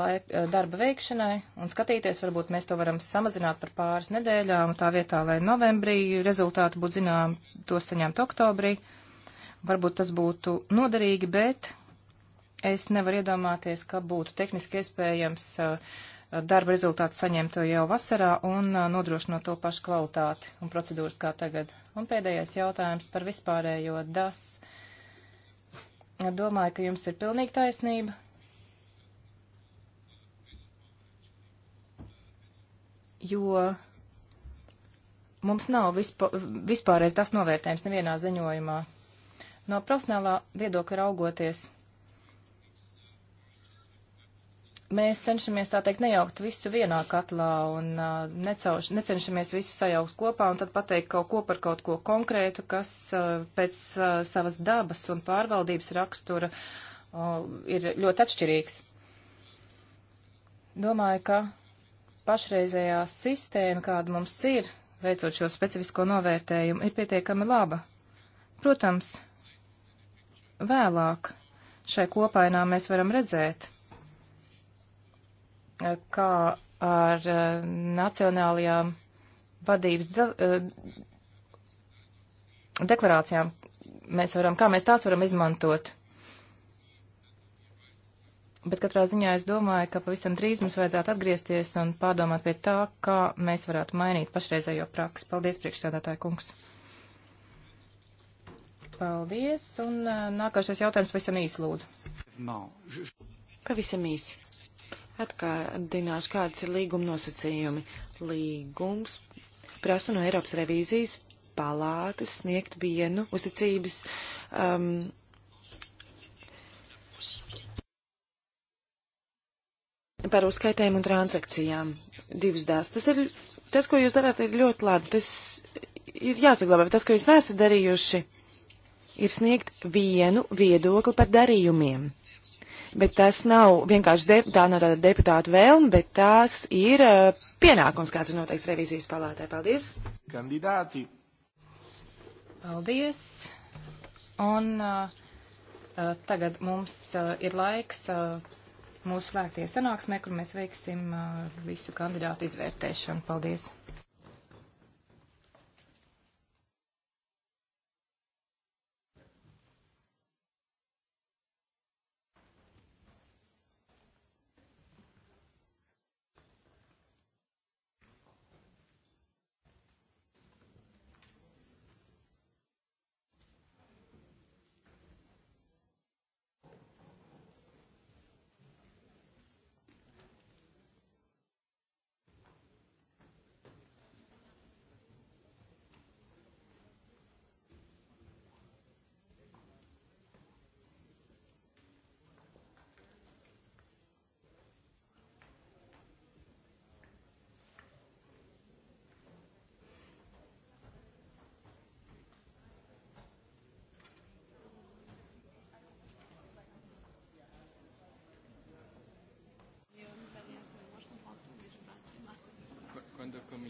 Speaker 2: laik, uh, darba veikšanai un skatīties, varbūt mēs to varam samazināt par pāris nedēļām, tā vietā, lai novembrī rezultāti būtu zinām, to saņemt oktobrī. Uh, Varbūt tas būtu noderīgi, bet es nevaru iedomāties, ka būtu tehniski iespējams uh, darba rezultātu saņemt jau vasarā un uh, nodrošinot to pašu kvalitāti un procedūras kā tagad. Un pēdējais jautājums par vispārējo DAS. Domāju, ka jums ir pilnīgi taisnība. Jo mums nav vispār, vispārreiz tas novērtējums nevienā ziņojumā. No profesionālā viedokļa raugoties, mēs cenšamies tā teikt nejaukt visu vienā katlā un uh, necauš, necenšamies visu sajaukt kopā un tad pateikt kaut ko par kaut ko konkrētu, kas uh, pēc uh, savas dabas un pārvaldības rakstura uh, ir ļoti atšķirīgs. Domāju, ka pašreizējā sistēma, kāda mums ir, veicot šo specifisko novērtējumu, ir pietiekami laba. Protams, vēlāk šai kopainā mēs varam redzēt, eh, kā ar eh, nacionālajām vadības de eh, deklarācijām mēs varam, kā mēs tās varam izmantot. Bet katrā ziņā es domāju, ka pavisam drīz mums vajadzētu atgriezties un pārdomāt pie tā, kā mēs varētu mainīt pašreizējo praksi. Paldies, priekšsēdētāji kungs! Paldies, un nākošais jautājums pavisam īsi
Speaker 4: lūdzu.
Speaker 2: Pavisam īsi.
Speaker 4: Atkārdināšu, kādas ir līguma nosacījumi. Līgums prasa no Eiropas revīzijas palātas sniegt vienu uzticības um, par uzskaitēm un transakcijām. Divas dās. Tas ir, tas, ko jūs darāt, ir ļoti labi. Tas ir jāsaglabā, bet tas, ko jūs nesat darījuši, ir sniegt vienu viedokli par darījumiem. Bet tas nav vienkārši de, tā no tāda deputāta vēlme, bet tās ir uh, pienākums, kāds ir noteikts revīzijas palātē. Paldies!
Speaker 1: Kandidāti!
Speaker 2: Paldies! Un uh, uh, tagad mums uh, ir laiks uh, mūsu slēgtie sanāksmē, kur mēs veiksim uh, visu kandidātu izvērtēšanu. Paldies!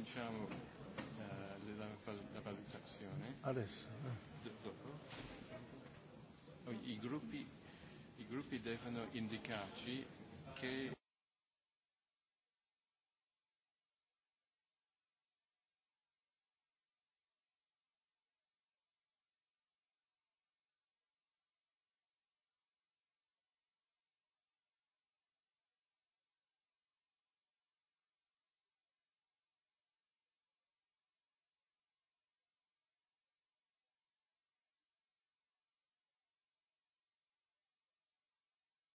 Speaker 3: cominciamo eh, la, la, la valutazione. Adesso. Eh. Do, dopo. Oh,
Speaker 1: I gruppi, I gruppi devono indicarci che...